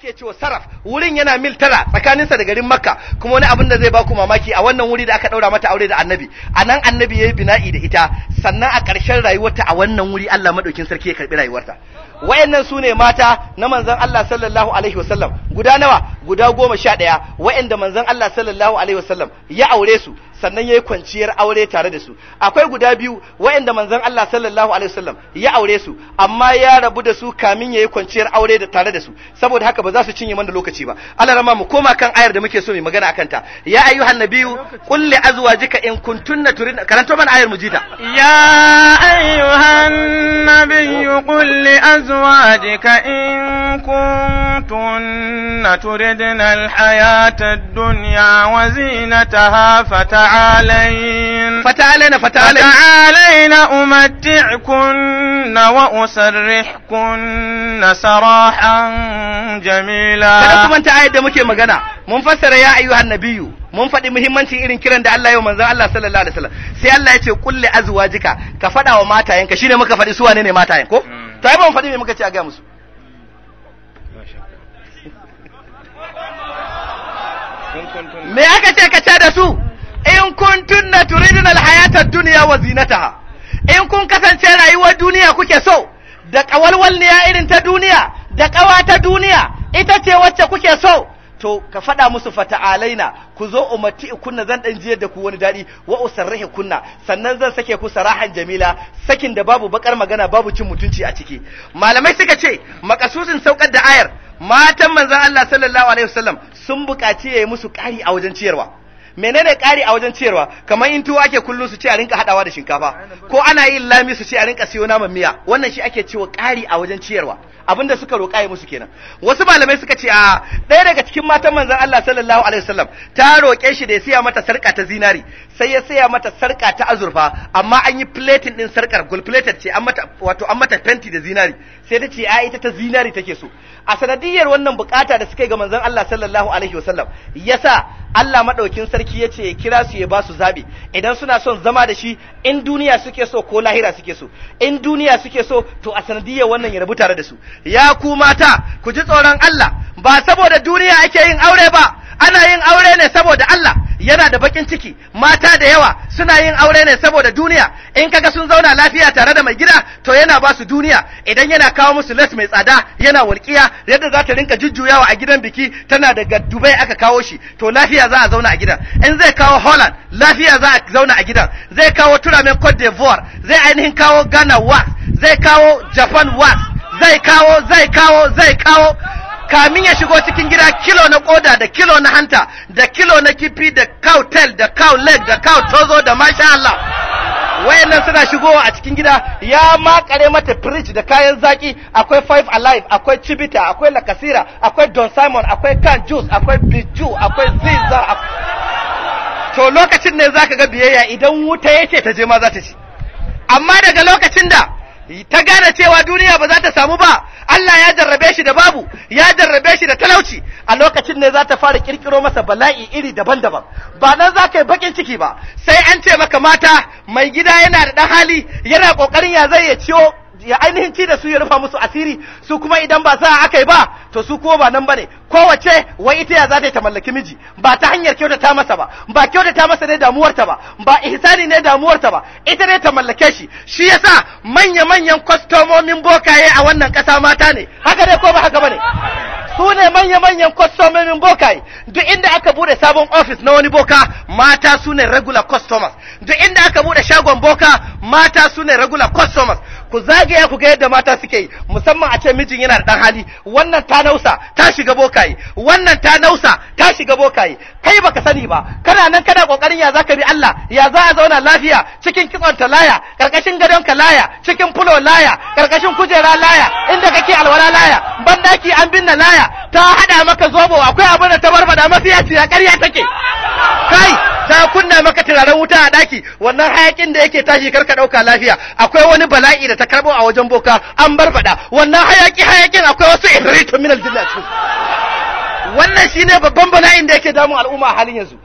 ake cewa saraf wurin yana mil tara tsakaninsa da garin makka kuma wani abin da zai baku mamaki a wannan wuri da aka daura mata aure da annabi a nan annabi ya yi bina'i da ita sannan a ƙarshen rayuwarta a wannan wuri allah maɗaukin sarki ya karɓi rayuwarta wa'annan su ne mata na manzan allah sallallahu alaihi wasallam guda nawa guda goma sha ɗaya wayanda manzan allah sallallahu alaihi wasallam ya aure su sannan ya yi kwanciyar aure tare da su akwai guda biyu waɗanda manzon Allah sallallahu alaihi wasallam ya aure su amma ya rabu da su kamin ya yi kwanciyar aure da tare da su saboda haka ba za su cinye mana lokaci ba Allah rama mu koma kan ayar da muke so mu magana akan ta ya ayyuhan nabiyyu qul li azwajika in kuntunna turin karanto mana ayar mujita ya ayyuhan nabiyyu qul li azwajika in kuntunna turidna al-hayata ad-dunya wa zinataha fata فتعالين فتعالين فتعالين فتعالين أمتعكن وأسرحكن سراحا جميلا kada kuma ta مكي da muke magana mun fassara ya mun faɗi muhimmancin irin kiran da Allah ya manzo Allah sallallahu alaihi wasallam sai Allah ya ce kulli azwajika ka faɗa wa matayenka shine muka faɗi su wane ne matayen ko hmm. to ai mun faɗi me muka ce a ga musu me aka ce ka ce da su in kuntunna turiduna alhayata duniya duniya wa zinataha in kun kasance rayuwar duniya kuke so da kawalwalniya irin ta duniya da ƙawa ta duniya ita ce wacce kuke so to ka faɗa musu fata'alaina ku zo umarti kunna zan ɗan jiyar da ku wani daɗi wa usarrahi kunna sannan zan sake ku sarahan jamila sakin da babu bakar magana babu cin mutunci a ciki malamai suka ce makasudin saukar da ayar matan manzan Allah sallallahu alaihi wasallam sun buƙaci yayi musu ƙari a wajen ciyarwa menene ƙari a wajen ciyarwa kamar in tuwa ake kullum su ce a rinka haɗawa da shinkafa ko ana yin lami su ce a rinka siyo naman miya wannan shi ake cewa ƙari a wajen ciyarwa abinda suka roƙa yi musu kenan wasu malamai suka ce a ɗaya daga cikin matan manzon Allah sallallahu alaihi wasallam ta roƙe shi da ya siya mata sarƙa ta zinari sai ya saya mata sarka ta azurfa amma an yi plating din sarkar gold plated ce an mata wato an mata fenti da zinari sai ta ce ai ita ta zinari take so a sanadiyar wannan bukata da suka yi ga manzon Allah sallallahu alaihi wasallam yasa Allah madaukin sarki ya ce ya kira su ya ba su zabi idan suna son zama da shi in duniya suke so ko lahira suke so in duniya suke so to a sanadiyar wannan ya rabu tare da su ya ku mata ku ji tsoron Allah ba saboda duniya ake yin aure ba ana yin aure ne saboda Allah yana da bakin ciki mata da yawa suna yin aure ne saboda duniya in kaga sun zauna lafiya tare da mai gida to yana ba su duniya idan yana kawo musu les mai tsada yana walƙiya yadda za ta rinka jujjuyawa a gidan biki tana daga Dubai aka kawo shi to lafiya za a zauna a gidan in zai kawo Holland lafiya za a zauna a gidan zai kawo turamen Cote d'Ivoire zai ainihin kawo Ghana wax zai kawo Japan wax zai kawo zai kawo zai kawo kamin ya shigo cikin gida kilo na koda da kilo na hanta da kilo na kifi da cow tail da cow leg da cow tozo da masha Allah wayannan suna shigowa a cikin gida ya makare mata fridge da kayan zaki akwai five alive akwai chibita akwai lakasira akwai don simon akwai can juice akwai biju akwai ziza to lokacin ne zaka ga biyayya idan wuta yake ta je ma za ta ci amma daga lokacin da ta gane cewa duniya ba za ta samu ba Allah ya jarrabe shi da babu ya jarrabe shi da talauci a lokacin ne za ta fara kirkiro masa bala'i iri daban-daban ba nan za ka yi bakin ciki ba sai an ce maka mata mai gida yana da ɗan hali yana ƙoƙarin ya zai ya ciyo ya ainihin ci da su ya rufa musu asiri su kuma idan ba sa aka yi ba to su ko ba nan ba ne kowace wai ita ya za ta ta mallaki miji ba ta hanyar kyautata masa ba ba kyautata masa ne damuwarta ba ba ihsani ne damuwarta ba ita ne ta mallake shi shi yasa manya manyan kwastomomin bokaye a wannan kasa mata ne haka ne ko ba haka bane su ne manya manyan kwastomomin bokaye duk inda aka bude sabon ofis na wani boka mata su ne regular customers duk inda aka bude shagon boka mata su ne regular customers ku zagaya ku ga yadda mata suke yi musamman a ce mijin yana da dan hali wannan ta nausa ta shiga bokaye wannan ta nausa ta shiga bokaye kai baka sani ba kana nan kana kokarin ya zaka bi Allah ya za a zauna lafiya cikin kitson ta laya karkashin gadon ka laya cikin fulo laya karkashin kujera laya inda kake alwala laya bandaki an binna laya ta hada maka zobo akwai abin da ta barbada masu yaci ya ƙarya take kai ta kunna maka turaren wuta a daki wannan hayakin da yake tashi karka dauka lafiya akwai wani bala'i da ta karbo a wajen boka an barbaɗa wannan hayaki hayakin akwai wasu ihritu min aljinna wannan shine babban bala'in da yake damun al'umma halin yanzu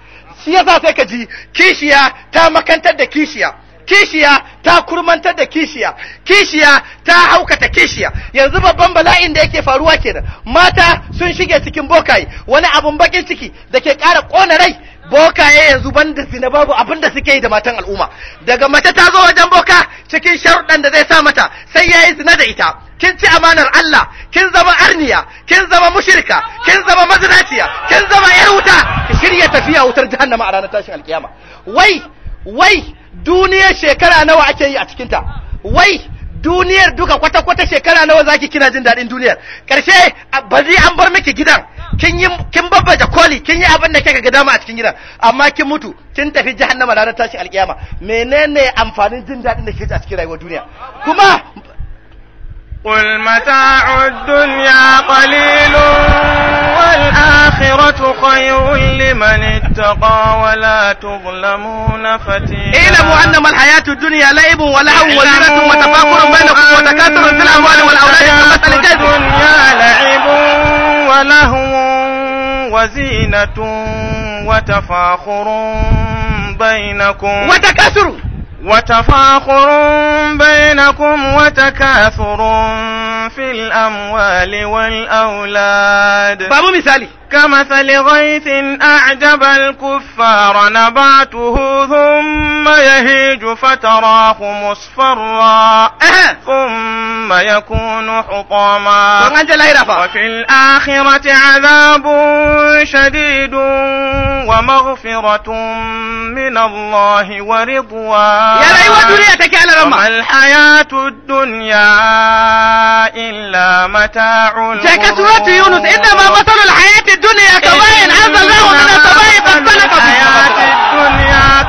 shi yasa sai ka ji kishiya ta makantar da kishiya kishiya ta kurmantar da kishiya kishiya ta haukata kishiya yanzu babban bala'in da yake faruwa kenan mata sun shige cikin bokaye wani abun bakin ciki da ke ƙara ƙona rai bokaye yanzu ban da zina babu abin da suke yi da matan al'umma daga mace ta zo wajen boka cikin sharuɗan da zai sa mata sai ya yi zina da ita kin ci amanar Allah kin zama arniya kin zama mushirka kin zama mazinaciya kin zama yar wuta ki shirya tafiya wutar jahannama a ranar tashin alkiyama wai wai duniyar shekara nawa ake yi a cikinta wai duniyar duka kwata-kwata shekara nawa zaki kina jin daɗin duniyar ƙarshe ba zai an bar miki gidan kin yi kin babbaje koli kin yi abin da kika ga dama a cikin gidan amma kin mutu kin tafi jahannama ranar tashi alƙiyama menene amfanin jin daɗin da kike a cikin rayuwar duniya kuma قل متاع الدنيا قليل والآخرة خير لمن اتقى ولا تظلمون فتيلا اعلموا إنما الحياة الدنيا لعب ولهو وزينة وتفاخر بينكم وتكاثر في الأموال والأولاد كمثل جد الدنيا لعب ولهو وزينة وتفاخر بينكم وتكاثر وتفاخر بينكم وتكاثر في الأموال والأولاد بابو مثالي كمثل غيث أعجب الكفار نبعته ثم يهيج فتراه مصفرا ثم يكون حطاما وفي الآخرة عذاب شديد ومغفرة من الله ورضوان وما الحياة الدنيا إلا متاع الغرور يونس إنما مثل الحياة الدنيا عز الله من السماء فاختلف به الحياة الدنيا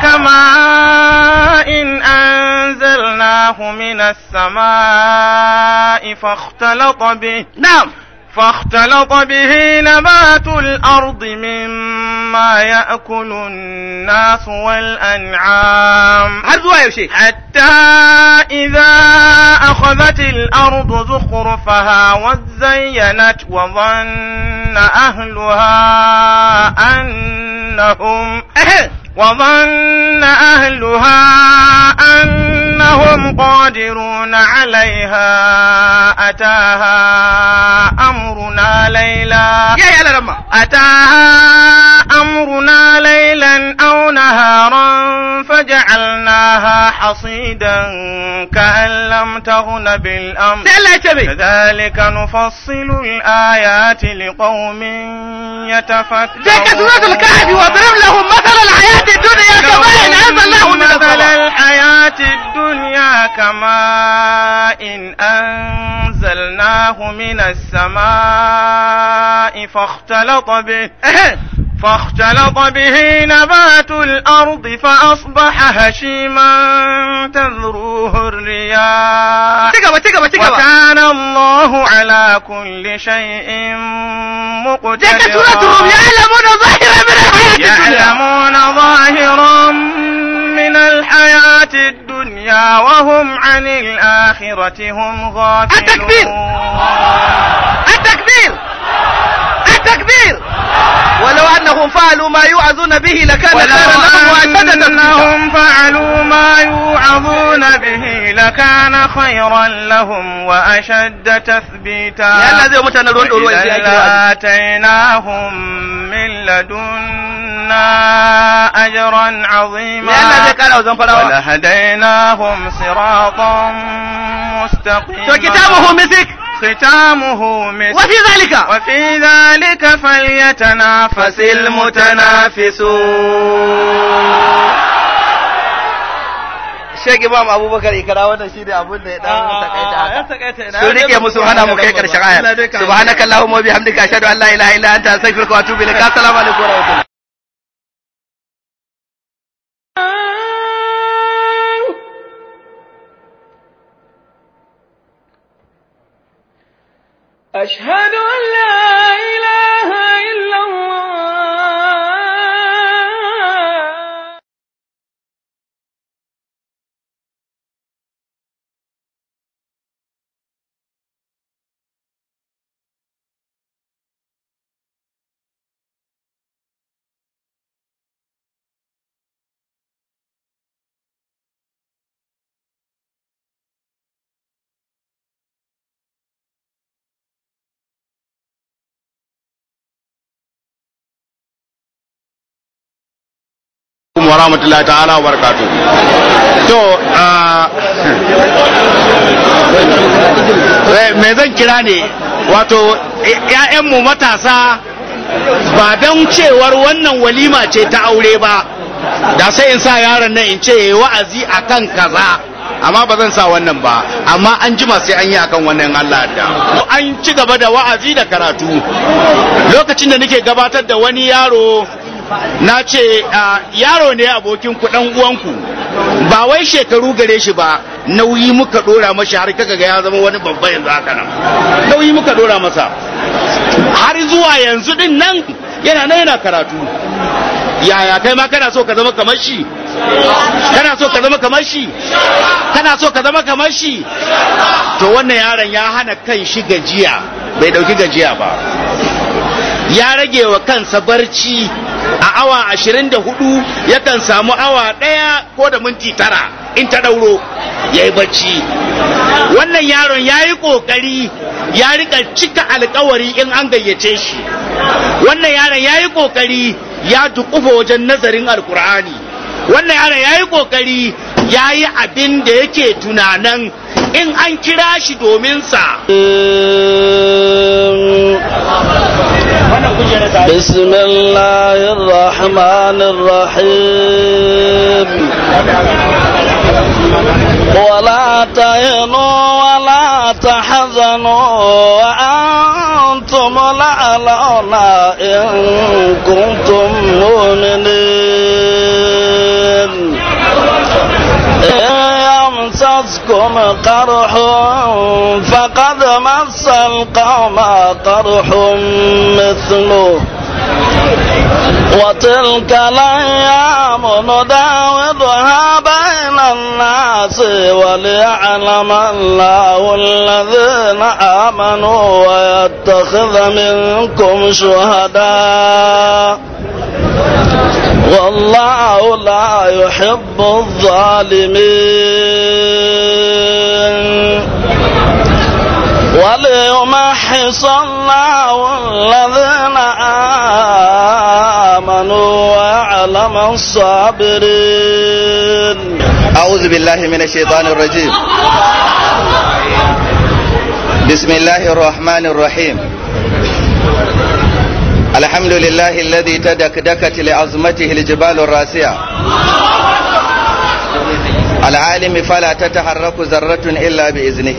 إن أنزلناه من السماء فاختلط به نعم فاختلط به نبات الأرض مما يأكل الناس والأنعام حتى إذا أخذت الأرض زخرفها وزينت وظن أهلها أنهم وظن أهلها أنهم قادرون عليها أتاها أمرنا ليلا أتاها أمرنا ليلا أو نهارا فجعلناها حصيدا كأن لم تغن بالأمر كذلك نفصل الآيات لقوم يتفكرون ذكر الكهف واضرب لهم مثل الحياة الدنيا كماء أنزل الله من السماء الحياة الدنيا كماء أنزلناه من السماء فاختلط به إيه. فاختلط به نبات الأرض فأصبح هشيما تذروه الرياح وكان الله على كل شيء مقتدرا يعلمون ظاهرا من الحياة الدنيا وهم عن الآخرة هم غافلون التكبير التكبير التكبير ولو أنهم فعلوا ما يوعظون به لكان خيرا لهم وأشد أنهم فعلوا ما يوعظون به لكان خيرا لهم وأشد تثبيتا لأن هذا متنا لآتيناهم من لدن لنا أجرا عظيما ولهديناهم صراطا مستقيما كتابه مسك ختامه مسك وفي ذلك وفي ذلك فليتنافس المتنافسون shek imam abubakar ikara wannan shine abun da ya dan ah, takaita haka sun rike musu hana mu kai karshen ayar subhanakallahumma wa bihamdika ashhadu an la ilaha illa anta wa أشهد أن لا إله إلا الله rahmatullahi ta'ala wa barakatu to eh, me zan kira ne wato ‘ya'yanmu matasa ba don cewar wannan walima ce ta aure ba da sai in sa yaron nan in ce wa'azi akan kaza amma ba zan sa wannan ba amma an jima sai an yi akan wannan Allah da an ci gaba da wa'azi da karatu lokacin da nake gabatar da wani yaro na ce yaro ne abokin ku dan uwanku ba wai shekaru gare shi ba nauyi muka dora masa har kaga ya zama wani babba yanzu haka nan nauyi muka dora masa har zuwa yanzu din nan yana nan yana karatu yaya kai ma kana so ka zama kamar shi kana so ka zama kamar shi kana so ka zama kamar shi to wannan yaron ya hana kan shi gajiya bai dauki gajiya ba ya rage wa kansa barci a awa ashirin da hudu yakan samu awa ɗaya ko da minti tara in ta ɗauro ya yi barci wannan yaron ya yi ƙoƙari ya rika cika alkawari in an gayyace shi wannan yaron ya yi ƙoƙari ya dukufa wajen nazarin alkur'ani wannan yaron ya yi ƙoƙari ya yi abin da yake tunanan in an kira shi domin sa بسم الله الرحمن الرحيم ولا تهنوا ولا تحزنوا وأنتم لعلونا إن كنتم مؤمنين القوم قرح مثله وتلك الأيام نداولها بين الناس وليعلم الله الذين آمنوا ويتخذ منكم شهداء والله لا يحب الظالمين وليمحص الله الذين آمنوا ويعلم الصابرين أعوذ بالله من الشيطان الرجيم بسم الله الرحمن الرحيم الحمد لله الذي تدكدكت لعظمته الجبال الراسية العالم فلا تتحرك ذرة إلا بإذنه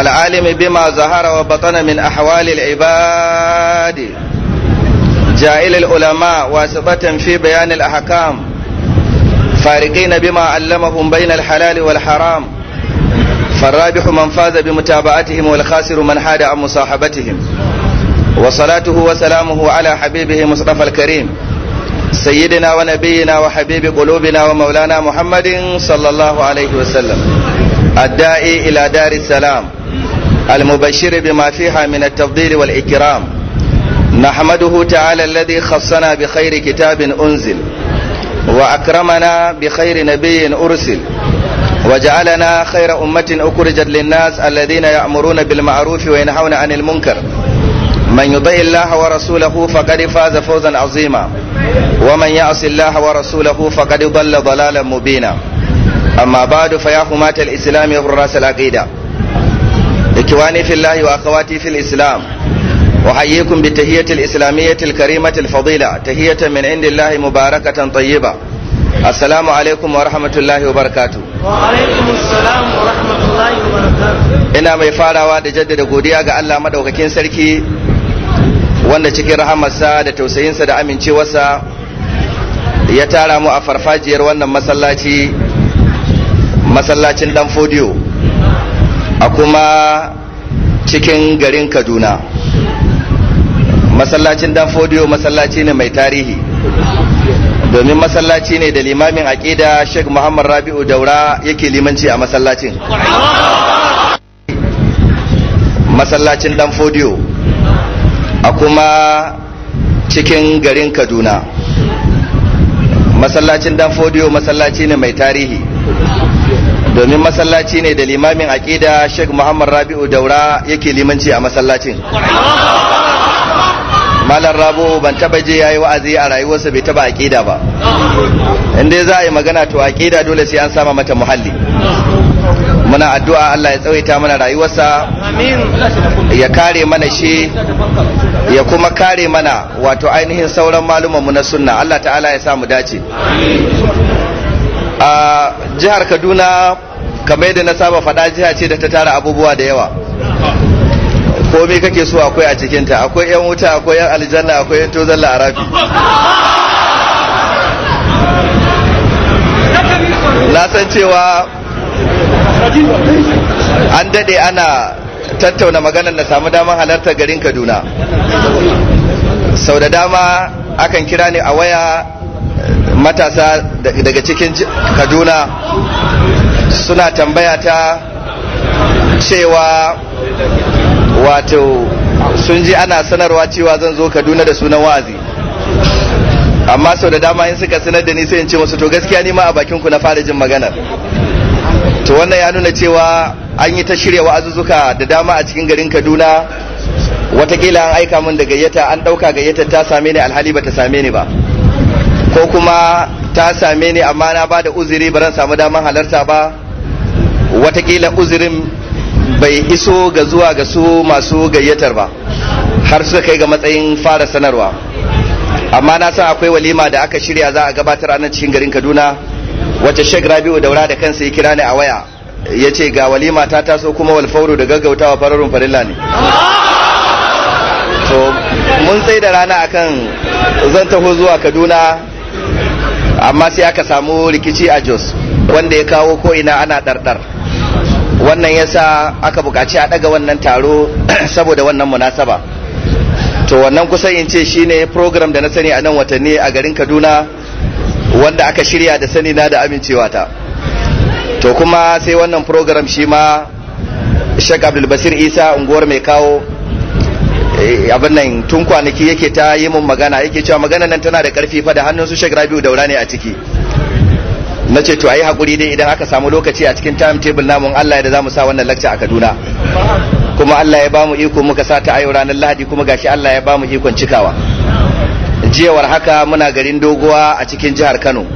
العالم بما ظهر وبطن من أحوال العباد جائل العلماء واسطة في بيان الأحكام فارقين بما علمهم بين الحلال والحرام فالرابح من فاز بمتابعتهم والخاسر من حاد عن مصاحبتهم وصلاته وسلامه على حبيبه مصطفى الكريم سيدنا ونبينا وحبيب قلوبنا ومولانا محمد صلى الله عليه وسلم الداعي إلى دار السلام المبشر بما فيها من التفضيل والإكرام نحمده تعالى الذي خصنا بخير كتاب أنزل وأكرمنا بخير نبي أرسل وجعلنا خير أمة أخرجت للناس الذين يأمرون بالمعروف وينهون عن المنكر من يطع الله ورسوله فقد فاز فوزا عظيما ومن يعص الله ورسوله فقد ضل ضلالا مبينا أما بعد فيا حماة الإسلام والراس العقيده ikwani fillahi wa akawati fil islam wa hayyikum bi tahiyatil islamiyatil karimatil fadila tahiyatan min indillahi mubarakatan tayyiba assalamu alaikum wa rahmatullahi wa barakatuh wa alaikum assalam wa rahmatullahi wa barakatuh ina mai farawa da jaddada godiya ga Allah madaukakin sarki wanda cikin rahamarsa da tausayinsa da amincewarsa ya tara mu a farfajiyar wannan masallaci masallacin ɗan fodiyo a kuma cikin garin kaduna masallacin dan masallaci ne mai tarihi domin masallaci ne da limamin aƙida sheikh muhammad rabi'u daura yake limanci a masallacin masallacin dan a kuma cikin garin kaduna masallacin dan masallaci ne mai tarihi domin masallaci ne da limamin aƙida Sheikh Muhammad Rabi'u Daura yake limanci a masallacin. Malam Rabu ban taba je yayi wa'azi a rayuwarsa bai taba aƙida ba. In dai za a yi magana to aƙida dole sai an sama mata muhalli. Muna addu'a Allah ya tsawaita mana rayuwarsa. Ya kare mana shi ya kuma kare mana wato ainihin sauran malumanmu na sunna Allah ta'ala ya sa mu dace. a jihar kaduna kamar yadda na saba faɗa jiha ce da ta tara abubuwa da yawa komai kake so akwai a cikinta akwai 'yan wuta akwai 'yan aljanna akwai 'yan tozalla la'arafi na san cewa an daɗe ana tattauna maganar na samu damar halartar garin kaduna sau da dama akan kira ni a waya matasa daga cikin kaduna suna tambaya ta cewa wato sun ji ana sanarwa cewa zan zo kaduna da sunan wa'azi amma sau da dama in suka sanar da ni sai in ce wasu to gaskiya nima ma a bakin ku na fara jin maganar to wannan ya nuna cewa an yi ta shirya wa'azuzzuka da dama a cikin garin kaduna watakila an aika min da gayyata an ɗauka gayyata ta same ni alhali ba ta same ni ba ko kuma ta same ni amma na ba da uzuri ba zan samu damar halarta ba watakila uzurin bai iso ga zuwa ga su masu gayyatar ba har suka kai ga matsayin fara sanarwa amma na san akwai walima da aka shirya za a gabatar a nan cikin garin kaduna wacce shek rabi'u daura da kansa ya kira ni a waya ya ce ga walima ta taso kuma walfauru da gaggautawa fararun farilla ne to mun tsaye da rana akan zan taho zuwa kaduna amma sai aka samu rikici a jos wanda ya kawo ko'ina ana ɗarɗar wannan ya sa aka buƙaci a ɗaga wannan taro saboda wannan munasaba to wannan kusan in ce shine program da na sani a nan watanni a garin kaduna wanda aka shirya da sani na da amincewa ta to kuma sai wannan program shi ma shek abdulbasir isa unguwar mai kawo Eh, abin nan tun kwanaki yake ta yi mun magana yake cewa magana nan tana da karfi fa da hannun su Sheikh Rabiu Daura ne a ciki na ce to ayi hakuri dai idan aka samu lokaci a cikin timetable namun Allah ya da zamu sa wannan lecture a Kaduna kuma Allah ya bamu iko muka sa ta ayo ranar Lahadi kuma gashi Allah ya mu ikon cikawa jiyawar haka muna garin doguwa a cikin jihar Kano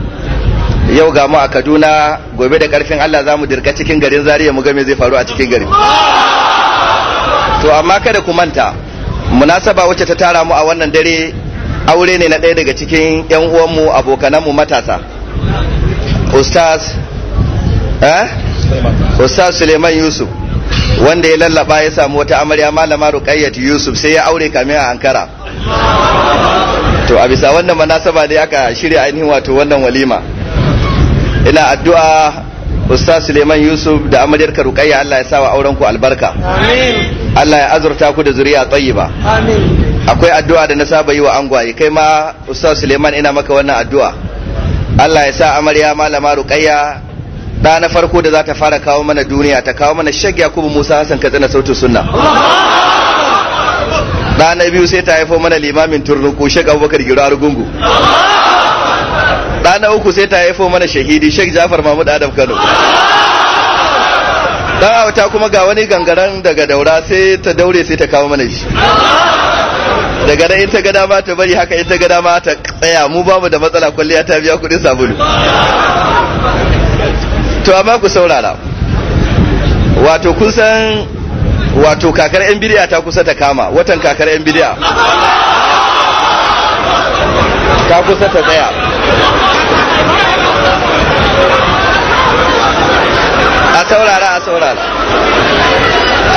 yau ga mu a Kaduna gobe da karfin Allah zamu dirka cikin garin Zaria mu ga me zai faru a cikin garin to amma kada ku manta munasaba wacce ta tara mu a wannan dare aure ne na ɗaya daga cikin 'yan uwanmu abokananmu matasa ustaz eh? ustaz suleiman yusuf wanda ya lallaba ya samu wata amarya malama ruqayyat yusuf sai ya aure kamin a ankara to a bisa wannan munasaba dai aka shirya ainihin wato wannan walima ina addu'a Ustaz Suleiman Yusuf da amaryar ka Ruqayya Allah ya sa wa auren ku albarka amin Allah ya azurta ku da zuriya tayyiba amin akwai addu'a da na saba yi wa angwaye kai ma Ustaz Suleiman ina maka wannan addu'a Allah ya sa amarya malama rukayya da na farko da za ta fara kawo mana duniya ta kawo mana Sheikh Yakubu Musa Hassan Katsina sautin sunna da na biyu sai ta haifo mana limamin turnuku Sheikh Abubakar Gungu. Argungu rana uku sai ta haifo mana shahidi Sheikh Jafar Mahmud Adam Kano dan auta kuma ga wani gangaren daga daura sai ta daure sai ta kawo mana shi daga nan in ta ga dama ta bari haka in ta ga dama ta tsaya mu babu da matsala kwalliya ta biya kuɗin sabulu to amma ku saurara wato kun san wato kakar yan bidiya ta kusa ta kama watan kakar yan bidiya ta kusa ta tsaya saurara a saurara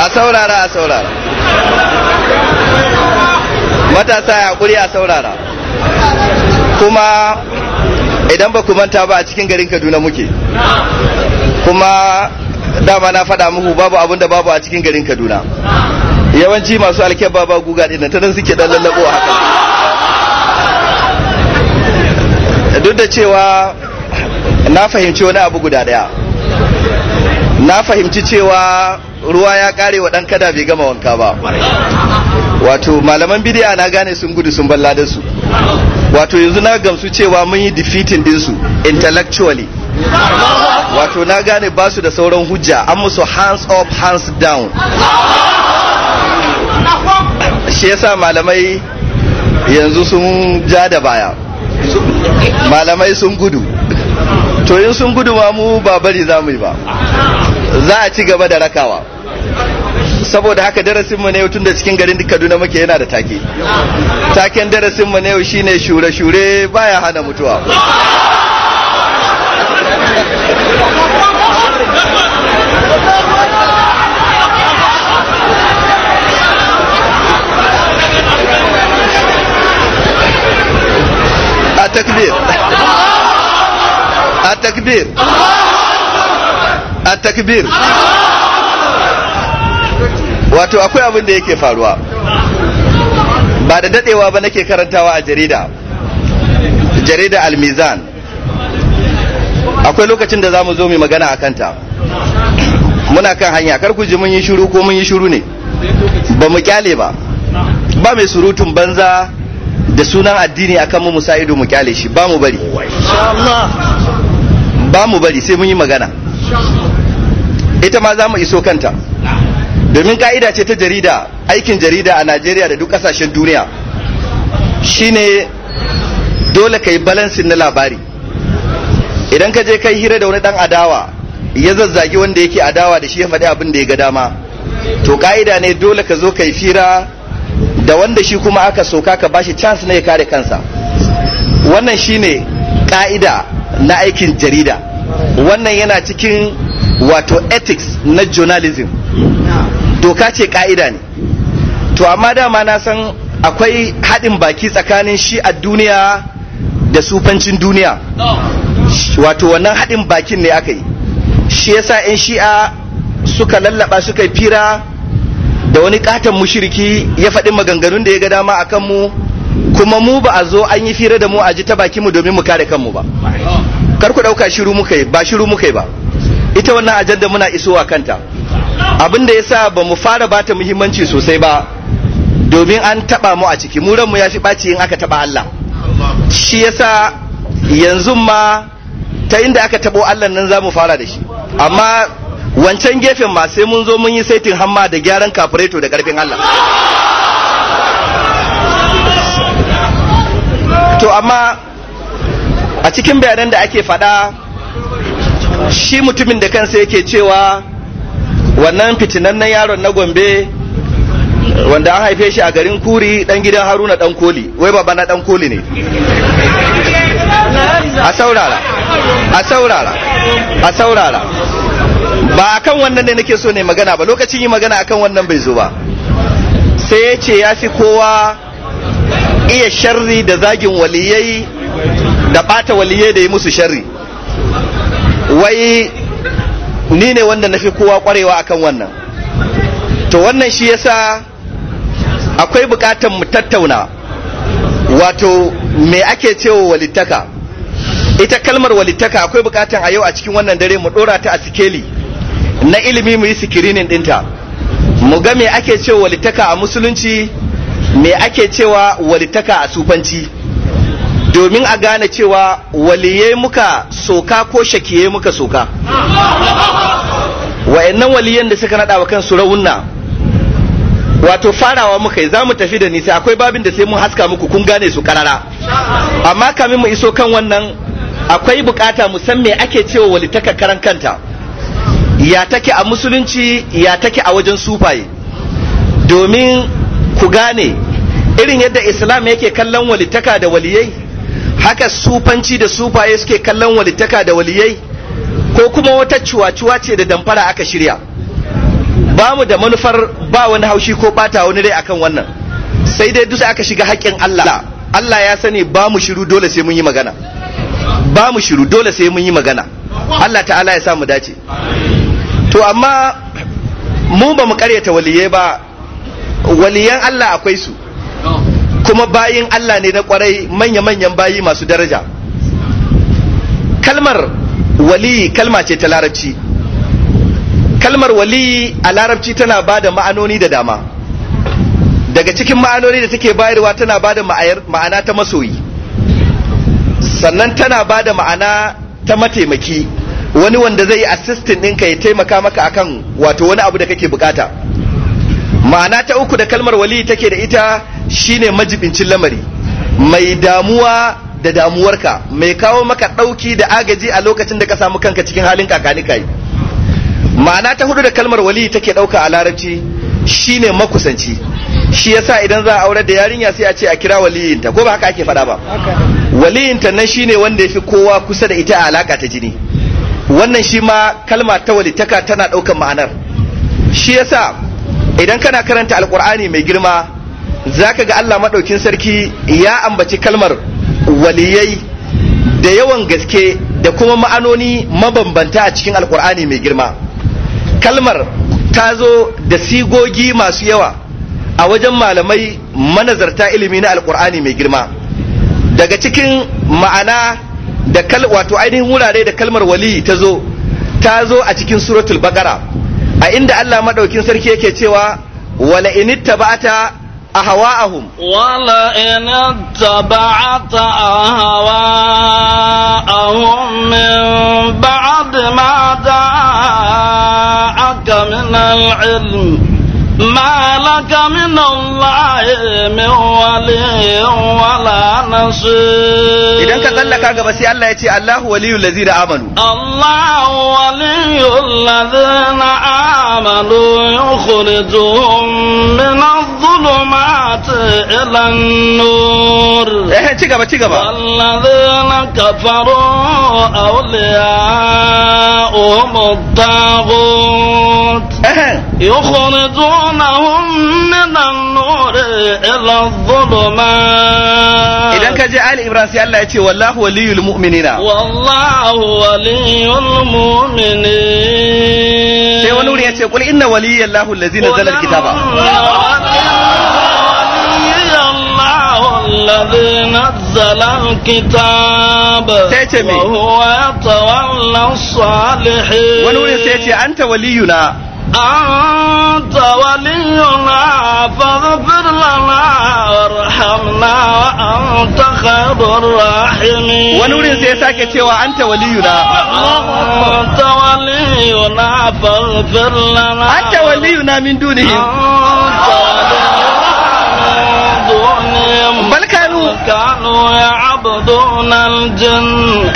a saurara a saurara matasa ya kuri a saurara kuma idan ba ku manta ba a cikin garin kaduna muke kuma dama na faɗa muku babu abinda da babu a cikin garin kaduna yawanci masu alkeba ba guga ɗin ta nan suke ɗan lallabo a haka duk da cewa na fahimci wani abu guda ɗaya na fahimci cewa ruwa ya kare wa dan kada bai gama wanka ba wato malaman bidiya na gane sun gudu sun balla da su wato yanzu na gamsu cewa mun yi defeating dinsu intellectually wato na gane ba su da sauran hujja an musu hands up hands down shi yasa malamai yanzu sun ja da baya malamai sun gudu to in sun gudu ma mu ba bari za mu yi ba za a ci gaba da rakawa saboda haka darasin mu ne tun da cikin garin kaduna muke yana da take taken darasin mu yau shine shure-shure baya hana mutuwa A takbir. A takbir. takbir wato akwai abin da yake faruwa ba da dadewa ba nake karantawa a jarida jarida al-mizan akwai lokacin da zamu zo mu magana a kanta muna kan hanya kar ku ji mun yi shiru ko mun yi shiru ne ba mu kyale ba ba mai surutun banza da sunan addini akan mu musa ido mu kyale shi ba mu bari ba mu bari sai mun yi magana ita ma za mu iso kanta domin ka'ida ce ta jarida aikin jarida a najeriya da duk kasashen duniya shine dole ka yi balansin na labari idan ka je kai hira da wani dan adawa ya zazzagi wanda yake adawa da shi ya faɗi abin da ya ga dama to ka'ida ne dole ka zo ka yi fira da wanda shi kuma aka soka ka bashi chance na ya kare kansa wannan shine ka'ida na aikin jarida wannan yana cikin wato ethics na journalism doka ce ka'ida ne to amma dama na san akwai haɗin baki tsakanin shi a duniya da sufancin duniya wato wannan haɗin bakin ne aka yi shi yasa 'yan shi'a suka lallaba suka yi fira da wani katon mushiriki ya faɗi maganganun da ya ga dama a kanmu kuma mu ba a zo an yi fira da mu a ji ta mu domin mu kare kanmu ba kar ku ɗauka shiru muka yi ba shiru muka yi ba ita wannan ajanda muna isowa kanta abin da yasa ba mu fara ba ta muhimmanci sosai ba domin an taba mu a ciki mu ranmu ya fi ɓaci in aka taba Allah shi yasa yanzu ma ta inda aka tabo Allah nan za mu fara da shi amma wancan gefen ma sai mun zo mun yi saitin hamma da gyaran kafureto da karfin Allah to amma a cikin bayanan da ake faɗa shi mutumin da kansa yake cewa wannan na yaron na gombe wanda an haife shi a garin kuri dan gidan haruna dan koli wai baba na dan koli ne a saurara a saurara a saurara ba akan wannan ne nake so ne magana ba lokacin yi magana akan wannan bai zo ba sai ya ce ya fi kowa iya sharri da zagin waliyai da bata waliyai da yi musu sharri wai ni ne wanda na fi kowa kwarewa akan wannan to wannan shi yasa akwai bukatan mu tattauna wato me ake cewa walittaka ita kalmar walittaka akwai bukatan a yau a cikin wannan dare mu dora ta a sikeli na ilimi mu yi sikirinin dinta mu ga me ake cewa walittaka a musulunci me ake cewa walittaka a sufanci domin a gane cewa waliye muka soka ko shakiye muka soka wa'annan waliyan da suka nada wa kansu raunna wato farawa muka yi za mu tafi da nisa akwai babin da sai mun haska muku kun gane su karara amma kamin mu iso kan wannan akwai bukata musan me ake cewa walitaka karan kanta ya take a musulunci ya take a wajen sufaye domin ku gane irin yadda islam yake kallon walitaka da waliyai haka sufanci da sufaye suke kallon walitaka da waliyai ko kuma wata cuwa-cuwa ce da damfara aka shirya ba mu da manufar ba wani haushi ko bata wani rai akan wannan sai dai duk aka shiga haƙƙin Allah Allah ya sani ba mu shiru dole sai mun yi magana ba mu shiru dole sai mun yi magana Allah ta'ala ya sa dace to amma mu ba mu ƙaryata waliyai ba waliyan Allah akwai su kuma bayin Allah ne na kwarai manya-manyan bayi masu daraja kalmar wali kalma ce ta larabci kalmar wali a larabci tana ba da ma'anoni da dama daga cikin ma'anoni da take bayarwa tana ba da ma'ana ta masoyi sannan tana ba da ma'ana ta mataimaki wani wanda zai yi assistant ɗinka ya taimaka maka akan wato wani abu da kake bukata ma'ana ta uku da kalmar wali take da ita shine majibincin lamari mai damuwa da damuwarka mai kawo maka ɗauki da agaji a lokacin da ka samu kanka cikin halin kakani kai ma'ana ta hudu da kalmar wali take ɗauka a larabci shine makusanci shi yasa idan za a aure da yarinya sai a ce a kira waliyinta ko ba haka ake faɗa ba waliyinta nan shine wanda ya fi kowa kusa da ita a alaka ta jini wannan shi ma kalma ta walitaka tana ɗaukan ma'anar shi yasa idan kana karanta alkur'ani mai girma zaka ga Allah maɗaukin sarki ya ambaci kalmar waliyai da yawan gaske da kuma ma'anoni mabambanta a cikin alkur'ani mai girma kalmar ta zo da sigogi masu yawa a wajen malamai manazarta ilimi na alkur'ani mai girma daga cikin ma'ana da kal wato ainihin wurare da kalmar wali ta zo ta zo a cikin suratul baqara a inda Allah madaukin sarki yake cewa wala in أهواءهم ولئن اتبعت أهواءهم من بعد ما جاءك من العلم ما لك من الله من ولي ولا نصير إذا كذلك لك بس الله يتي الله ولي الذين آمنوا الله ولي الذين آمنوا يخرجهم من الظلمات إلى النور إيه تيجا تيجا والذين كفروا أولياءهم الطاغوت يخرجونهم من النور إلى الظلمات ka je Ali Ibrahim sai Allah ya ce wallahu waliyul mu'minina wallahu waliyul mu'minin sai wani wuri ya ce qul inna waliyallahu allazi nazzala alkitaba الذي نزل الكتاب وهو يتولى الصالحين ونقول سيتي أنت ولينا أنت ولينا فاغفر لنا وارحمنا وأنت خير الراحمين ونور سيساك تيوى أنت ولينا أنت ولينا فاغفر لنا أنت ولينا من دونهم أنت ولينا من دونهم بل كانوا كانوا يعبدون الجن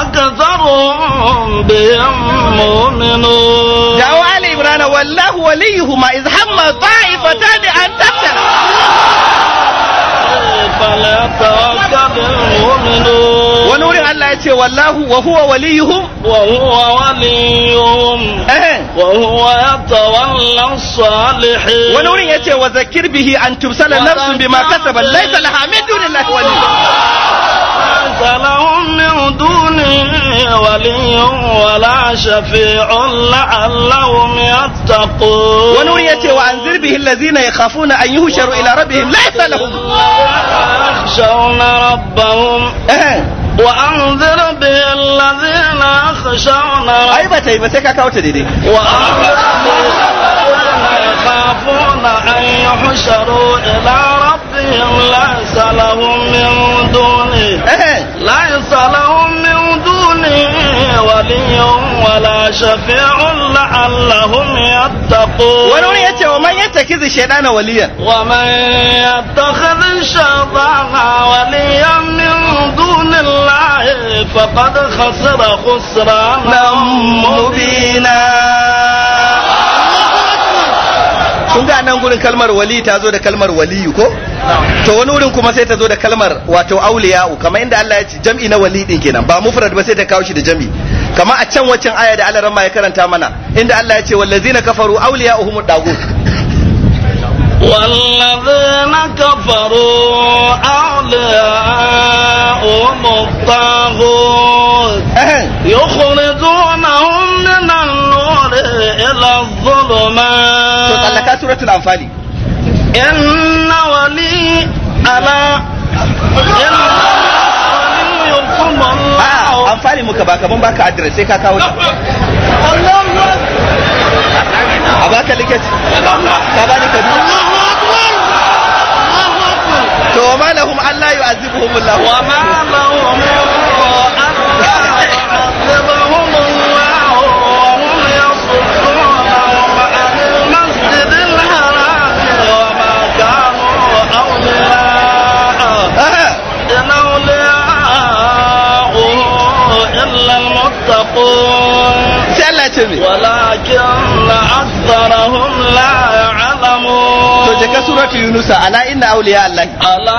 أكثرهم بهم مؤمنون imrana wallahu waliyuhuma iz hamma wani wurin Allah ya ce wallahu wa huwa wani wurin ya ce wa zakir bihi an tubsala nafsun bima laha ليس لهم من دونه ولي ولا شفيع لعلهم يتقون ونور وأنذر به الذين يخافون أن يهشروا إلى ربهم ليس لهم يخشون ربهم وأنذر به الذين يخشون ربهم أي أيوة، بتي طيب، بتك كاوت ديدي وأنذر به الذين يخافون أن يحشروا إلى ربهم ليس لهم من دونه ولي ولا شفيع لعلهم يتقون ولون يتي ومن يتكذ الشيطان وليا ومن يتخذ الشيطان وليا من دون الله فقد خسر خسرانا مبينا kun ga nan gurin kalmar wali ta zo da kalmar waliyu ko to wani wurin kuma sai ta zo da kalmar wato auliya kamar inda Allah ya ce jam'i na wali din kenan ba mufrad ba sai ta kawo shi da jam'i kama a can waccan aya da Allah ya karanta mana inda Allah ya ce wallazina kafaru awliya'uhumud dagut والذين كفروا أولياؤهم الطاغوت يخرجونهم من النور إلى الظلمات سورة الأنفال إن ولي ألا إن وليكم الله fali muka baka ban baka address sai ka kawo a baka liket ka bani kaduna to wa malahum Allah yu'azibuhum Allah wa malahum Allah ce me walakin suratu yunusa ala inna awliya allahi ala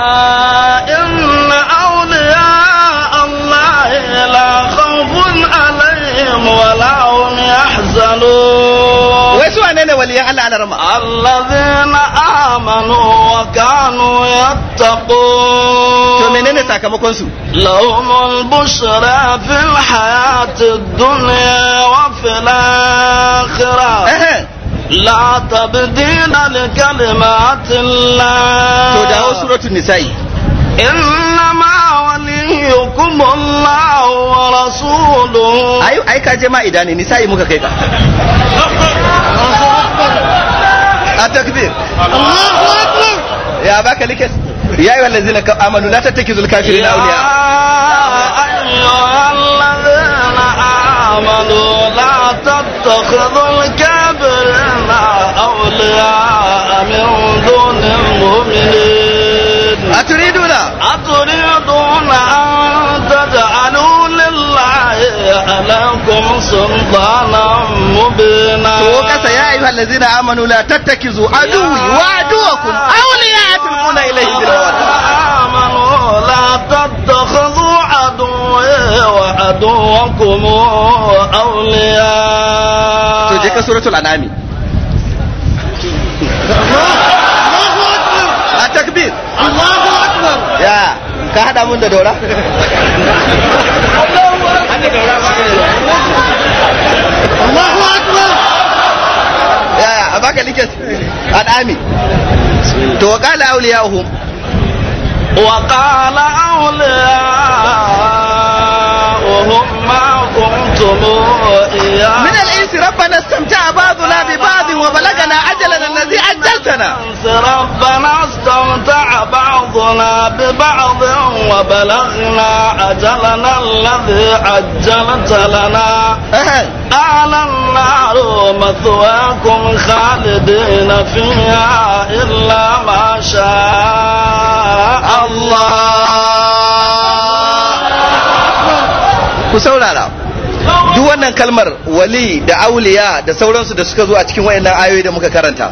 waliyan Allah ala rama allazina amanu wa kanu yattaqun to menene sakamakon su lahumul bushra fil hayatid dunya wa fil لا تبديل لكلمات الله تدعو سورة النساء إنما وليكم الله ورسوله أي أي كاجي ما نساء مكا التكبير الله اكبر يا باك لك يا ايها الذين امنوا لا تتخذوا الكافرين اولياء يا ايها الذين امنوا لا تتخذوا الكافرين اولياء من دون المؤمنين اتريدون اتريدون ان تجعلوا لله عليكم سلطانا مبينا وقس يا أيها الذين آمنوا لا تتكزوا عدوي وعدوكم أولياء تلقون إليه بالمودة لا تتخذوا عدوي وعدوكم أولياء تجيك سورة الأنعام التكبير الله أكبر يا كهذا من أكبر Allahu Akbar ya a baka tiket al'ami to wa qala awliya'uhum wa qala awliya'uhum ma kuntum min al-insi rabbana istamta'a ba'duna bi ba'd wa balagana ajalana alladhi ajjaltana rabbana istamta'a بعضنا ببعض وبلغنا أجلنا الذي عجلت لنا أهل النار مثواكم خالدين فيها إلا ما شاء الله كسولا duk wannan kalmar wali da auliya da sauransu da suka zo a cikin wayannan ayoyi da muka karanta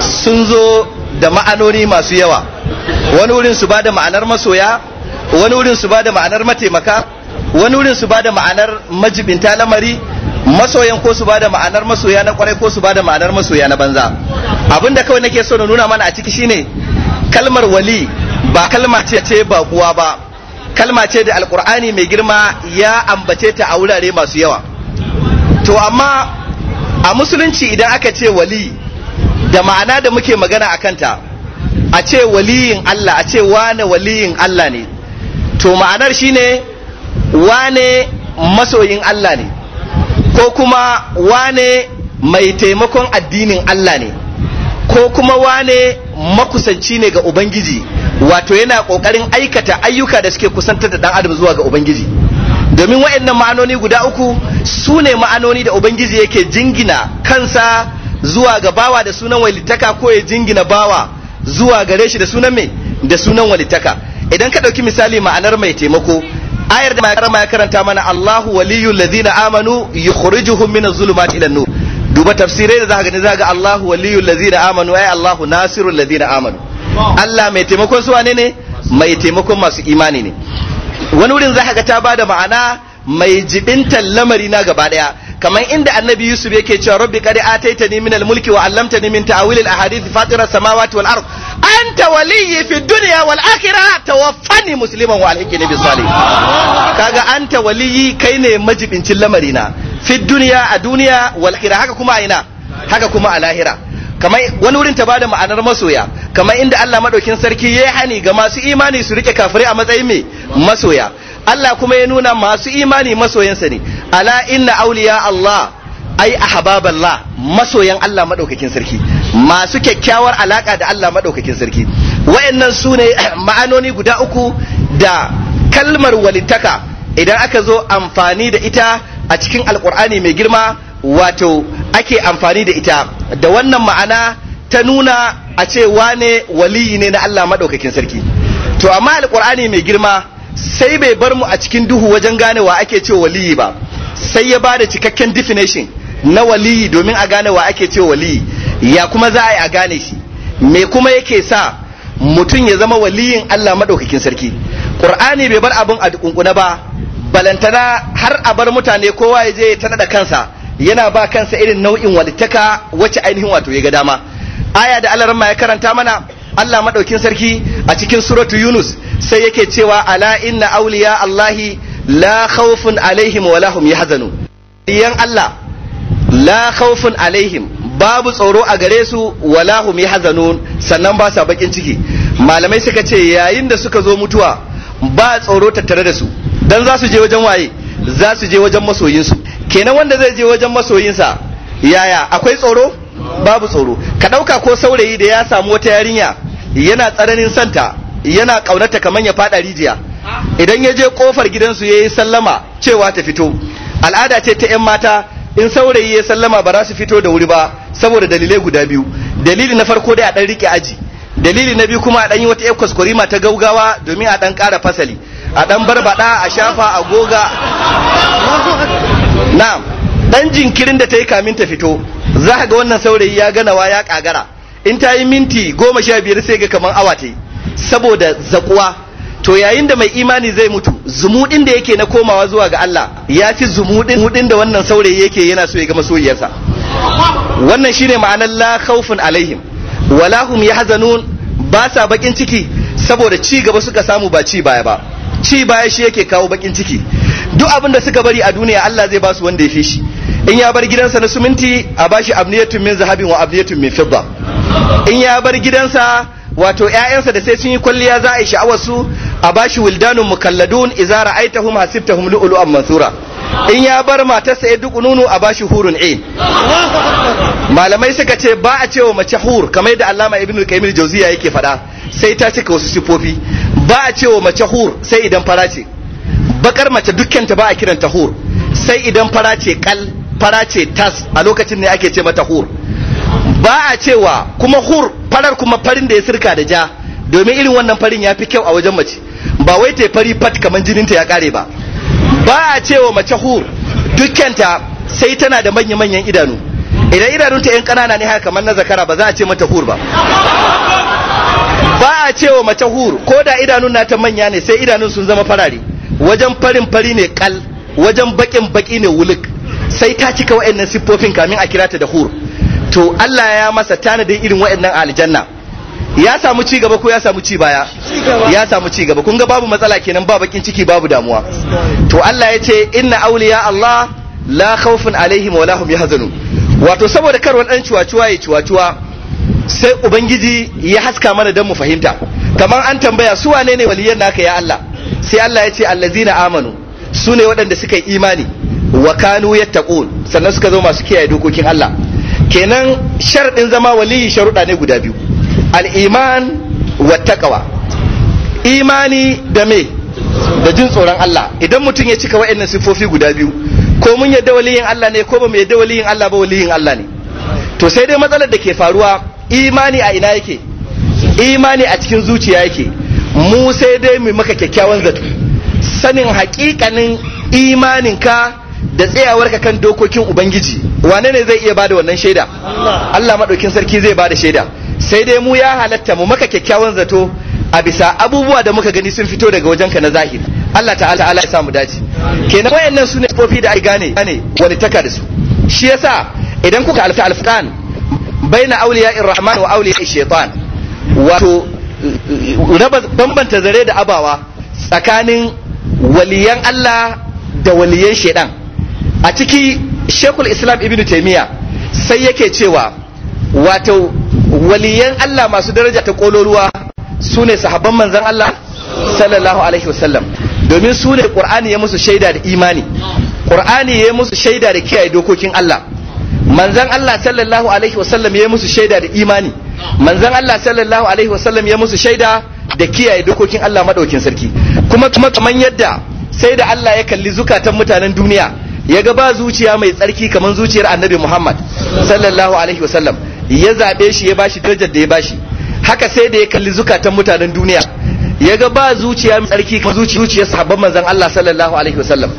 sun zo da ma'anoni masu yawa wani wurin su ba da ma'anar masoya wani wurin su ba da ma'anar mataimaka wani wurin su ba da ma'anar majibinta lamari masoyan ko su ba da ma'anar masoya na kwarai ko su ba da ma'anar masoya na banza abin da kawai nake so na nuna mana a ciki shine kalmar wali ba kalma ce ce ba kuwa ba kalma ce da alkur'ani mai girma ya ambace ta a wurare masu yawa to amma a musulunci idan aka ce wali da ma'ana da muke magana a kanta a ce waliyin Allah a ce wane waliyin Allah ne to ma'anar shine wane masoyin Allah ne ko kuma wane mai taimakon addinin Allah ne ko kuma wane makusanci ne ga Ubangiji wato yana ƙoƙarin aikata ayyuka da suke kusantar da ɗan adam zuwa ga Ubangiji domin waɗannan ma'anoni guda uku su ne ma'anoni da Ubangiji yake jingina kansa zuwa ga bawa da sunan walitaka ko ya jingina bawa zuwa gare shi da sunan me da sunan walitaka idan ka ɗauki misali ma'anar mai taimako ayar da ma ya karanta mana Allahu waliyul ladina amanu yukhrijuhum minaz zulumati ilan nur duba tafsirai da zaka gani zaka Allahu waliyul ladina amanu ay Allahu Nasiru ladina amanu Allah mai taimakon su wane ne mai taimakon masu imani ne wani wurin zaka ga ta bada ma'ana mai jibintan lamari na gaba daya kamar inda annabi yusuf yake cewa rabbi qad ataitani min al-mulki wa ni min ta'wil al-ahadith fatir as-samawati wal ard anta waliyyi fi dunya wal akhirah tawaffani musliman wa alhiqni bis salih kaga anta waliyyi kai ne majibincin lamarina fi dunya a duniya wal akhirah haka kuma a ina haka kuma a lahira kamar wani wurin ta bada ma'anar masoya kamar inda Allah madaukin sarki yayi hani ga masu imani su rike kafirai a matsayin me masoya Allah kuma ya nuna masu imani masoyansa ne ala inna auliya Allah ai ahbaballah masoyan Allah madaukakin sarki masu kyakkyawar alaka da Allah madaukakin sarki wayannan sune ma'anoni guda uku da kalmar walittaka idan aka zo amfani da ita a cikin alkur'ani mai girma wato ake amfani da ita da wannan ma'ana ta nuna a ce wane waliyi ne na Allah madaukakin sarki to amma alkur'ani mai girma sai bai bar mu a cikin duhu wajen ganewa ake ce waliyi ba sai ya bada cikakken definition na waliyi domin a gane wa ake ce waliyi ya kuma za a yi a gane shi me kuma yake sa mutum ya zama waliyin Allah madaukakin sarki Qur'ani bai bar abin a dukunkuna ba balantana har a bar mutane kowa ya je ya tana da kansa yana ba kansa irin nau'in walittaka wacce ainihin wato ya ga dama aya da Allah ya karanta mana Allah madaukin sarki a cikin suratu Yunus sai yake cewa ala inna awliya Allahi la khawfun alaihim wa lahum yahzanu yan Allah la khawfun alaihim babu tsoro a gare su wa lahum yahzanun sannan ba sa bakin ciki malamai suka ce yayin da suka zo mutuwa ba tsoro tattare da su dan za su je wajen waye za su je wajen masoyinsu kenan wanda zai je wajen masoyinsa yaya akwai tsoro babu tsoro ka ɗauka ko saurayi da ya samu wata yarinya yana tsananin santa yana kaunarta kamar ya faɗa rijiya idan ya je kofar gidansu ya yi sallama cewa ta fito al'ada ce ta 'yan mata in saurayi ya sallama ba za su fito da wuri ba saboda dalilai guda biyu dalili na farko dai a dan rike aji dalili na biyu kuma a dan yi wata ekwas kwarima ta gaugawa domin a dan kara fasali a dan barbada a shafa a goga na'am dan jinkirin da ta yi kamin ta fito za ga wannan saurayi ya ganawa ya kagara in ta yi minti goma sha biyar sai ga kamar awa ta yi saboda zakuwa to yayin da mai imani zai mutu zumuɗin da yake na komawa zuwa ga Allah ya fi zumuɗin da wannan saurayi yake yana so ya ga masoyiyarsa wannan shine ma'anar la khawfun alaihim wala hum yahzanun ba sa bakin ciki saboda ci gaba suka samu ba ci baya ba ci baya shi yake kawo bakin ciki duk abin da suka bari a duniya Allah zai ba su wanda ya fi shi in ya bar gidansa na suminti a bashi abniyatun min zahabin wa abniyatun min fidda in ya bar gidansa wato ƴaƴansa da sai sun yi kwalliya za a yi sha'awar su a bashi wildanun mukalladun idza ra'aitahum hasibtahum am mansura in ya bar matarsa ya duku nunu a bashi hurun ain malamai suka ce ba a cewa mace hur kamar yadda allama ibnu qayyim jawziya yake faɗa sai ta cika wasu sifofi ba a cewa mace hur sai idan fara ce bakar mace dukkanta ba a ta hur sai idan fara ce kal fara ce tas a lokacin ne ake ce mata hur ba a cewa kuma hur farar kuma farin da ya sirka da ja domin irin wannan farin ya fi kyau a wajen mace ba wai ta fari fat kamar jininta ya kare ba ba a cewa mace hur dukkanta sai tana da manya-manyan idanu idan idanunta yan kanana ne haka kamar na zakara ba za a ce mata hur ba ba a cewa mace hur ko da idanun nata manya ne sai idanun sun zama farare wajen farin fari ne kal wajen bakin baki ne wuluk sai ta cika wa'annan siffofin kamin a kira ta da hur to Allah ya masa tanadin irin wa'annan aljanna ya samu ci gaba ko ya samu ci baya ya samu ci gaba kun ga babu matsala kenan ba bakin ciki babu damuwa to Allah ya ce inna awliya Allah la khawfun alaihim wa lahum yahzanun wato saboda kar wani dan ciwaciwa ya ciwaciwa sai ubangiji ya haska mana dan mu fahimta kamar an tambaya su wane ne waliyan naka ya Allah sai Allah ya ce allazina amanu su ne waɗanda suka yi imani wa kanu yattaqun sannan suka zo masu kiyaye dokokin Allah kenan sharadin zama waliyi sharuɗa ne guda biyu al'iman wa taqwa imani da me da jin tsoron Allah idan mutum ya cika wa'annan sifofi guda biyu ko mun yadda waliyin Allah ne ko ba mu yadda waliyin Allah ba waliyin Allah ne to sai dai matsalar da ke faruwa imani a ina yake imani a cikin zuciya yake mu sai dai mu maka kyakkyawan zato sanin hakikanin ka da tsayawar ka kan dokokin ubangiji wane ne zai iya bada wannan shaida Allah maɗaukin sarki zai bada shaida sai dai mu ya halatta mu maka kyakkyawan zato a bisa abubuwa da muka gani sun fito daga wajenka na zahiri Allah ta'ala ta'ala ya samu dace kenan wayannan sune kofi da ai gane gane wani taka da su shi yasa idan kuka alfi alfan baina awliya'ir rahman wa awliya'ish shaytan wato raba bambanta zare da abawa tsakanin waliyan Allah da waliyan shaytan a ciki Shekul Islam Ibn Taymiyyah sai yake cewa wato waliyan Allah masu daraja ta kololuwa su ne sahabban manzan Allah sallallahu alaihi wasallam domin su ne qur'ani ya musu shaida da imani qur'ani ya musu shaida da kiyaye dokokin Allah manzan Allah sallallahu alaihi wasallam ya musu shaida da imani manzan Allah sallallahu alaihi wasallam ya musu shaida da kiyaye dokokin Allah madaukin sarki kuma kuma kaman yadda sai da Allah ya kalli zukatan mutanen duniya ya ga ba zuciya mai tsarki kamar zuciyar annabi Muhammad sallallahu alaihi wasallam ya zaɓe shi ya bashi darajar da ya bashi haka sai da ya kalli zukatan mutanen duniya ya ga ba zuciya mai tsarki kamar zuciya sahabban manzon Allah sallallahu alaihi wasallam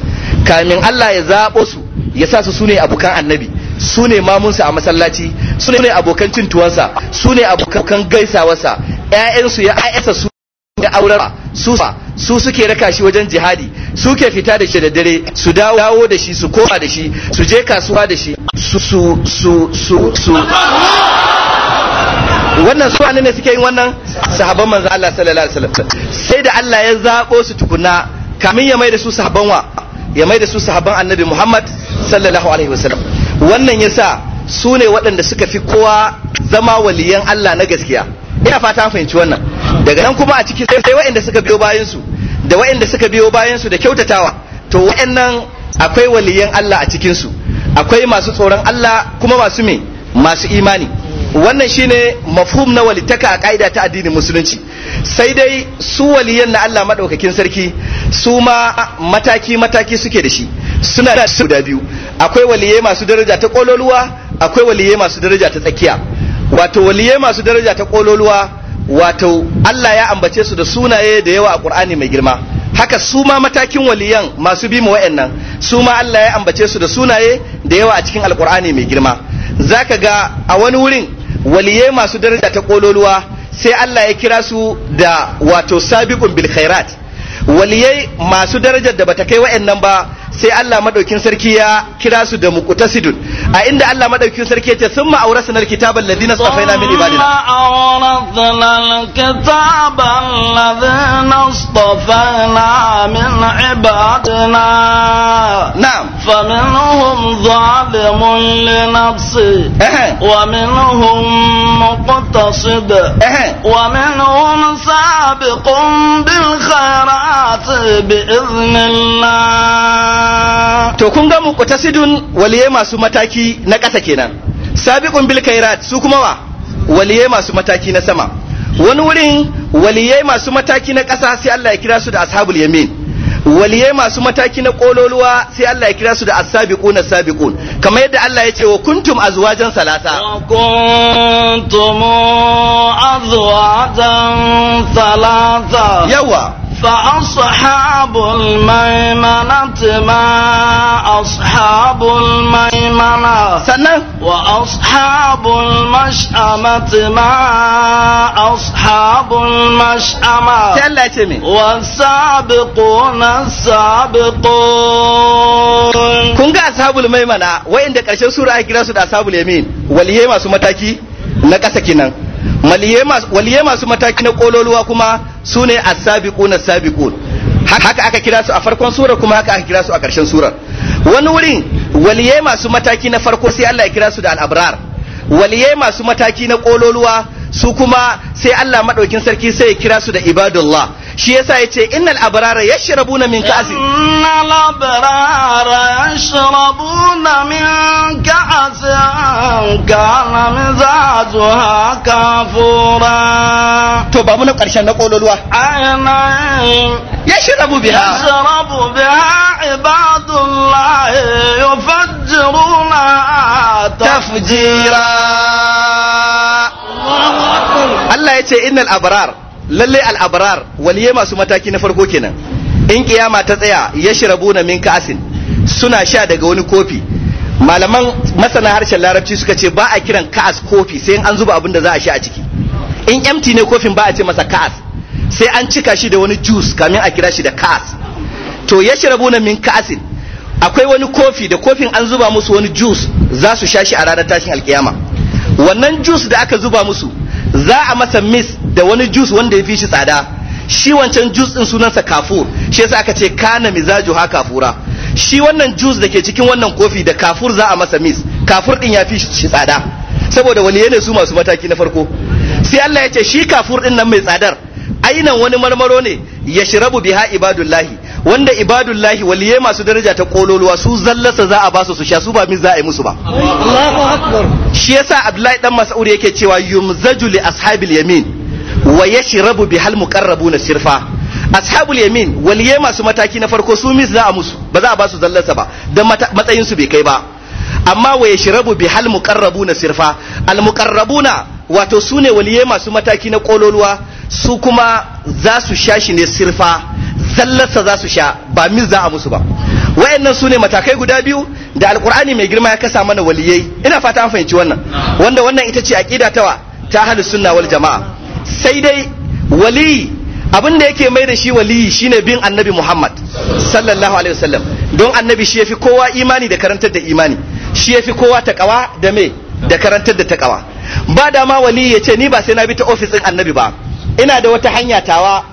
kamin Allah ya zaɓo su ya sa su sune abokan annabi su ne mamunsa a masallaci su ne abokan cintuwansa su ne abokan gaisawarsa ƴaƴansu ya 'ya'yansa su da auren su su suke raka shi wajen jihadi suke fita da shi da dare su dawo da shi su koma da shi su je kasuwa da shi su su su su su wannan su ne suke yin wannan sahabban manzo Allah sallallahu alaihi wasallam sai da Allah ya zabo su tukuna kamin ya mai da su sahabban wa ya mai da su sahabban annabi Muhammad sallallahu alaihi wasallam wannan yasa su ne waɗanda suka fi kowa zama waliyan Allah na gaskiya ina fata an fahimci wannan daga nan kuma a ciki sai waɗanda suka biyo bayan su da waɗanda suka biyo bayan su da kyautatawa to waɗannan akwai waliyan Allah a cikin su akwai masu tsoron Allah kuma masu me masu imani wannan shine mafhum na walitaka a ka'ida ta addinin musulunci sai dai su waliyan na Allah madaukakin sarki su ma mataki mataki suke da shi suna da su da biyu akwai waliyai masu daraja ta kololuwa akwai waliyai masu daraja ta tsakiya wato waliye masu daraja ta kololuwa wato Allah ya ambace su da sunaye da yawa a Qur'ani mai girma haka su ma matakin waliyan masu bi mu wa'annan su ma Allah ya ambace su da sunaye da yawa a cikin Al-Qur'ani mai girma zaka ga a wani wurin waliye masu daraja ta kololuwa sai Allah ya kira su da wato sabiqun bil khairat waliyai masu darajar da bata kai wa'annan ba sai Allah madaukin sarki ya kira su da muqtasidun a inda Allah madaukin sarki yace summa awrasnal ma'aurasna alkitabal ladina safaina min ibadina awrasnal alkitabal ladina safaina min ibadina na'am faminhum zalimun li nafsi wa minhum muqtasid wa minhum sabiqun bil khairat bi idhnillah to kun ga muqtasidun waliye masu mataki na ƙasa kenan sabiqun bil khairat su kuma wa waliye masu mataki na sama wani wurin waliye masu mataki na ƙasa sai Allah ya kira su da ashabul yamin waliye masu mataki na kololuwa sai Allah ya kira su da as-sabiquna sabiqun kamar yadda Allah ya ce wa kuntum azwajan salasa kuntum azwajan salasa yawa فأصحاب الميمنة ما أصحاب الميمنة سنة وأصحاب المشأمة ما أصحاب المشأمة والسابقون السابقون كنت أصحاب الميمنة وإن دكاشة سورة كراسة أصحاب اليمين وليه ما سمتاكي نكاسة Waliye masu mataki na kololuwa kuma su ne a na na sabiqun haka aka kira su a farkon sura kuma haka aka kira su a ƙarshen surar wani wurin waliye masu mataki na farko sai Allah ya kira su da al-abrar waliyai masu mataki na kololuwa su kuma sai Allah madaukin sarki sai ya kira su da ibadullah shi yasa ya ce, innal abrara yashrabuna min ka'asi. innal abrara yashrabuna min ka'sin kana mizajuha kafura to ba mu na karshen na kololuwa ayna يشرب بها يشرب بها عباد الله يفجرونها تفجيرا Allah ya ce innal abrar lalle al abrar waliye masu mataki na farko kenan in kiyama ta tsaya ya na min kasin suna sha daga wani kofi malaman masana harshen larabci suka ce ba a kiran ka'as kofi sai an zuba abin da za a sha a ciki in empty ne kofin ba a ce masa ka'as sai an cika shi da wani juice kamin a kira shi da ka'as to ya na min kasin akwai wani kofi da kofin an zuba musu wani juice za su sha shi a ranar tashin alkiyama wannan juice da aka zuba musu za a masa mis da wani jus wanda ya fi shi tsada shi wancan jus din sunansa kafur shi yasa aka ce kana mizaju ha kafura shi wannan jus da ke cikin wannan kofi da kafur za a masa mis kafur din ya fi shi tsada saboda wani ne su masu mataki na farko sai Allah ya ce shi kafur din nan mai tsadar ainan wani marmaro ne ya shirabu biha ibadullahi wanda ibadullahi waliye masu daraja ta kololuwa su zallasa za a basu su sha su ba min za a yi musu ba Allahu akbar shi yasa Abdullahi dan Mas'ud yake cewa yumzaju li ashabil yamin wa yashrabu bihal muqarrabuna sirfa ashabul yamin waliye masu mataki na farko su mis za a musu ba za a basu zallasa ba dan matsayin su bai kai ba amma wa yashrabu bihal muqarrabuna sirfa al muqarrabuna wato sune waliye masu mataki na kololuwa su kuma za su sha shi ne sirfa zallarsa za su sha ba mil za a musu ba wayannan su ne matakai guda biyu da alkur'ani mai girma ya kasa mana waliyai ina fata an fahimci wannan wanda wannan ita ce aqida tawa ta ahlus sunna wal jamaa sai dai wali abin da yake mai da shi wali shine bin annabi Muhammad sallallahu alaihi wasallam don annabi shi yafi kowa imani da karantar da imani shi yafi kowa takawa da me da karantar da takawa ba da ma waliyi ya ce ni ba sai na bi ta ofisin annabi ba ina da wata hanya tawa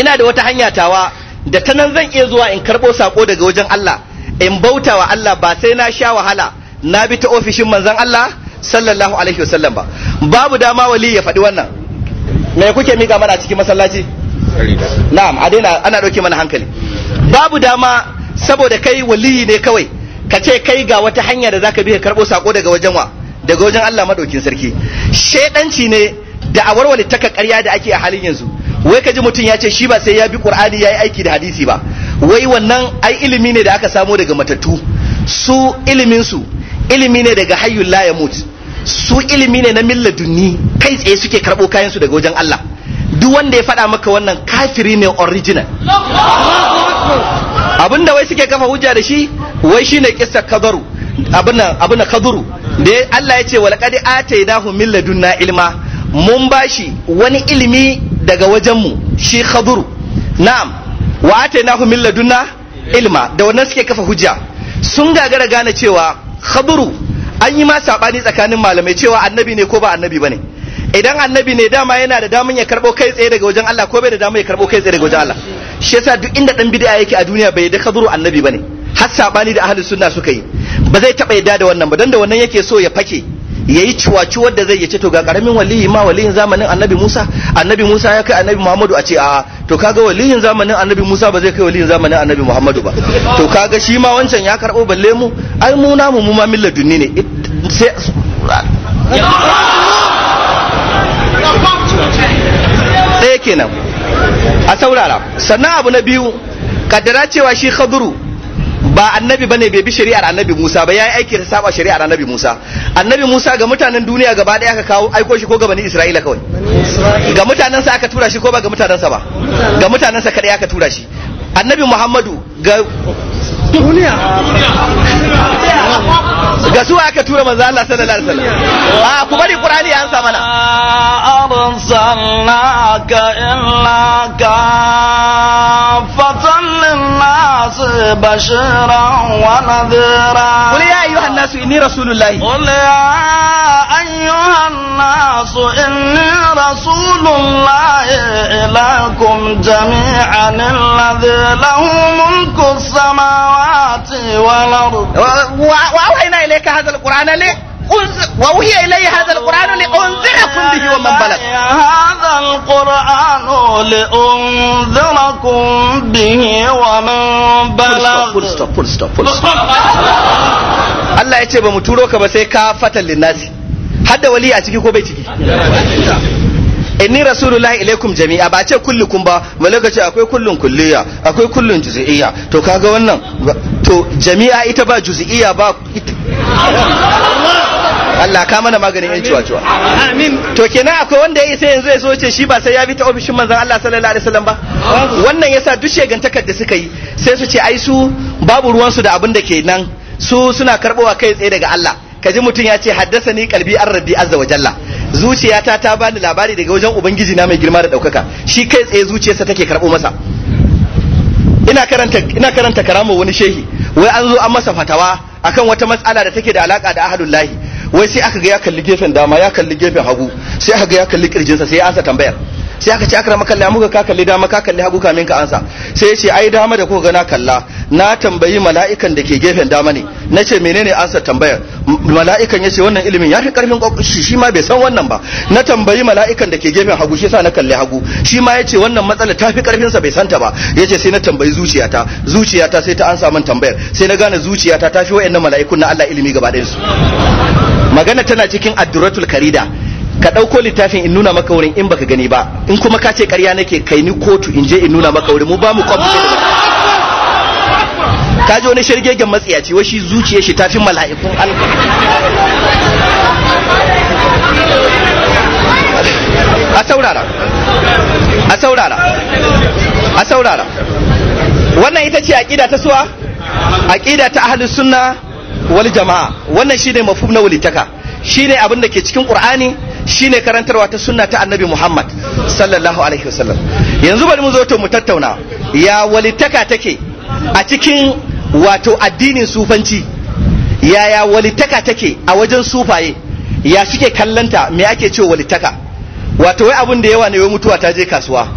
ina da wata hanya tawa da ta nan zan iya zuwa in karɓo sako daga wajen Allah in bauta wa Allah ba sai na sha wahala na bi ta ofishin manzon Allah sallallahu alaihi wasallam ba babu dama wali ya faɗi wannan me kuke mika mana cikin masallaci na'am a daina ana ɗauke mana hankali babu dama saboda kai waliyi ne kawai ka ce kai ga wata hanya da zaka bi ka karɓo sako daga wajen wa daga wajen Allah madaukin sarki shedanci ne da a warware taka ƙarya da ake a halin yanzu wai kaji mutum ya ce shi ba sai ya bi qur'ani yayi aiki da hadisi ba wai wannan ai ilimi ne da aka samo daga matattu su ilimin su ilimi ne daga hayyul la yamut su ilimi ne na milladunni kai tsaye suke karbo kayan su daga wajen Allah duk wanda ya faɗa maka wannan kafiri ne original abinda wai suke kafa hujja da shi wai shine kissa kadaru abinda abinda kaduru da Allah ya ce walaqad atainahu milladunna ladunna ilma mun bashi wani ilimi daga wajenmu shi khaduru na'am wa atainahu min ladunna ilma da wannan suke kafa hujja sun gagara gane cewa khaduru an yi ma sabani tsakanin malamai cewa annabi ne ko ba annabi bane idan annabi ne dama yana da damin ya karbo kai tsaye daga wajen Allah ko bai da damin ya karbo kai tsaye daga wajen Allah shi yasa duk inda dan bid'a yake a duniya bai da khaduru annabi bane har sabani da ahli sunna suka yi ba zai taba yadda da wannan ba dan da wannan yake so ya fake yayi ciwaci wanda zai yace to ga karamin waliyi ma waliyin zamanin annabi Musa annabi Musa ya kai annabi Muhammadu a ce a to kaga waliyin zamanin annabi Musa ba zai kai waliyin zamanin annabi Muhammadu ba to kaga shi ma wancan ya karbo balle mu ai mu namu mu ma millar dunni ne sai ɗaya kenan a saurara sannan abu na biyu kaddara cewa shi khaduru ba annabi bane bai bi shari'ar annabi Musa ba yayi aiki da saba shari'ar annabi Musa annabi Musa ga mutanen duniya gaba daya aka kawo aiko shi ko ga bani Isra'ila kawai ga mutanen sa aka tura shi ko ba ga mutanen sa ba ga mutanen sa ya aka tura shi annabi Muhammadu ga duniya da su aka tura manzo Allah sallallahu alaihi wasallam a ku bari qur'ani ya ansa mana arsalnaka illa ka fatan linnas bashiran wa nadhira qul ya ayuha nas inni rasulullahi qul ya ayuha nas inni rasulullahi ilaykum jami'an alladhi lahu mulku as-samawati wal ardi وأوحى إليك هذا القرآن لي وأوحي إلي هذا القرآن لأنذركم به ومن بلغ هذا القرآن لأنذركم به ومن بلغ فول ستوب فول ستوب فول ستوب Allah ya ce ba mu turo ka ba sai ka fatan linnasi hadda wali a ciki ko bai ciki inni rasulullahi ilaikum jami'a ba ce kullukun ba ma ce akwai kullun kulliya akwai kullun juz'iyya to kaga wannan to jami'a ita ba juz'iyya ba Allah ka mana maganin yan ciwa-ciwa. Amin. To kenan akwai wanda ya isa yanzu ya so ce shi ba sai ya bi ta ofishin manzon Allah sallallahu alaihi wasallam ba. Wannan yasa duk shegantakar da suka yi sai su ce ai su babu ruwansu da abin da ke nan su suna karbowa kai tsaye daga Allah. kaji mutum ya ce haddasa ni kalbi an rabi azza wa jalla zuciyata ta bani labari daga wajen ubangiji na mai girma da daukaka shi kai tsaye zuciyarsa take karbo masa ina karanta ina karanta karamo wani shehi wai an zo an masa fatawa akan wata matsala da take da alaka da ahadullahi wai sai aka ga ya kalli gefen dama ya kalli gefen hagu sai aka ga ya kalli kirjinsa sai ya ansa tambayar sai aka ce akrama makalla muka ka kalli dama ka kalli hagu kamin ka ansa sai ya ce ai dama da kuka gana na kalla na tambayi mala'ikan da ke gefen dama ne na ce menene ansa tambayar mala'ikan ya ce wannan ilimin ya fi karfin shi shi ma bai san wannan ba na tambayi mala'ikan da ke gefen hagu shi sa na kalli hagu shi ma ya ce wannan matsala ta fi karfin sa bai santa ba ya ce sai na tambayi zuciyata zuciyata sai ta ansa min tambayar sai na gane zuciyata ta fi wayannan mala'ikun na Allah ilimi gaba ɗayan su magana tana cikin adduratul karida ka ɗauko littafin in nuna maka wurin in baka gani ba in kuma ka ce ƙarya nake kai ni kotu in je in nuna maka wurin mu ba mu kwamfuta da ka ji wani shirgegen matsiyaci wa shi zuciya shi tafin mala'ikun Allah a saurara a saurara a saurara wannan ita ce ƙida ta suwa ƙida ta ahalin sunna wal jama'a wannan shi ne mafi na shi ne abin da ke cikin ƙur'ani shine karantarwa ta sunna ta annabi Muhammad sallallahu alaihi wasallam yanzu bari mu zo to mu tattauna ya walitaka take a cikin wato addinin sufanci Ya ya walitaka take a wajen sufaye ya suke kallanta me ake cewa walitaka wato wai abin da yawa ne wai mutuwa ta je kasuwa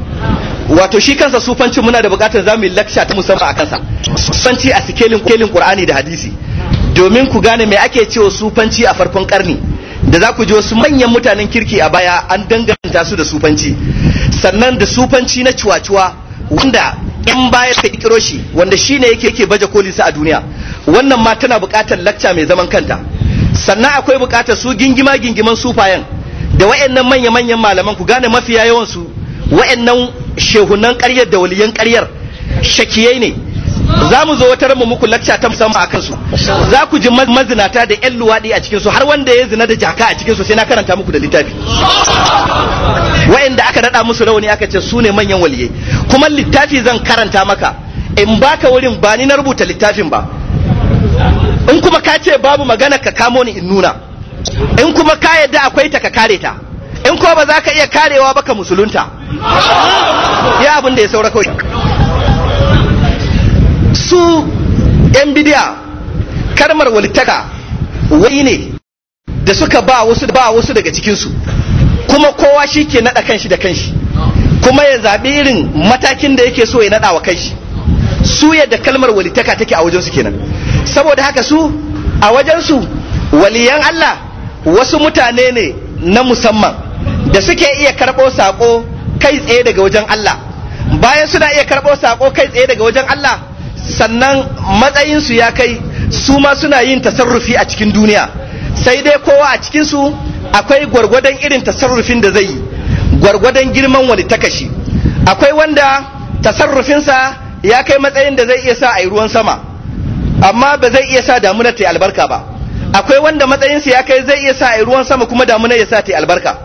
wato shi kansa sufanci muna da bukatar za mu yi lakca ta musamman a kansa sufanci a sikelin kelin qur'ani da hadisi domin ku gane me ake cewa sufanci a farkon karni da za ku ji wasu manyan mutanen kirki a baya an danganta su da sufanci sannan da sufanci na cuwa-cuwa wanda yan baya suka kiro shi wanda shi ne yake baje koli sa a duniya wannan ma tana buƙatar lacca mai zaman kanta sannan akwai buƙatar su gingima gingiman sufayen da wayannan manya manyan malaman ku gane mafiya yawan su wayannan shehunan ƙaryar da waliyan ƙaryar shakiyai ne za mu zo wata mu muku lacca ta musamman akan su za ku ji mazinata da yan luwaɗi a cikin har wanda ya zina da jaka a cikin sai na karanta muku da littafi Wa'inda aka daɗa musu rauni aka ce su ne manyan waliye kuma littafi zan karanta maka in baka wurin ba ni na rubuta littafin ba in kuma ka ce babu magana ka kamo ni in nuna in kuma ka yadda akwai ta ka kare ta in ko ba za ka iya karewa ba ka musulunta ya abin da ya saura kawai su yan bidiya karmar walittaka wai ne da suka ba wasu ba wasu daga cikinsu kuma kowa shi ke naɗa kanshi da kanshi kuma ya zaɓi irin matakin da yake so ya naɗa wa kanshi su yadda kalmar walittaka take a wajensu kenan saboda haka su a wajensu waliyan Allah wasu mutane ne na musamman da suke iya karɓo saƙo kai tsaye daga wajen Allah bayan suna iya karɓo saƙo kai tsaye daga wajen Allah sannan matsayinsu ya kai su ma suna yin tasarrufi a cikin duniya sai dai kowa a cikinsu akwai gwargwadon irin tasarrufin da zai yi gwargwadon girman wani takashi akwai wanda tasarrufinsa ya kai matsayin da zai iya sa a yi ruwan sama amma ba zai iya sa damuna ta yi albarka ba akwai wanda matsayinsa ya kai zai iya sa a yi ruwan sama kuma damuna ya sa ta yi albarka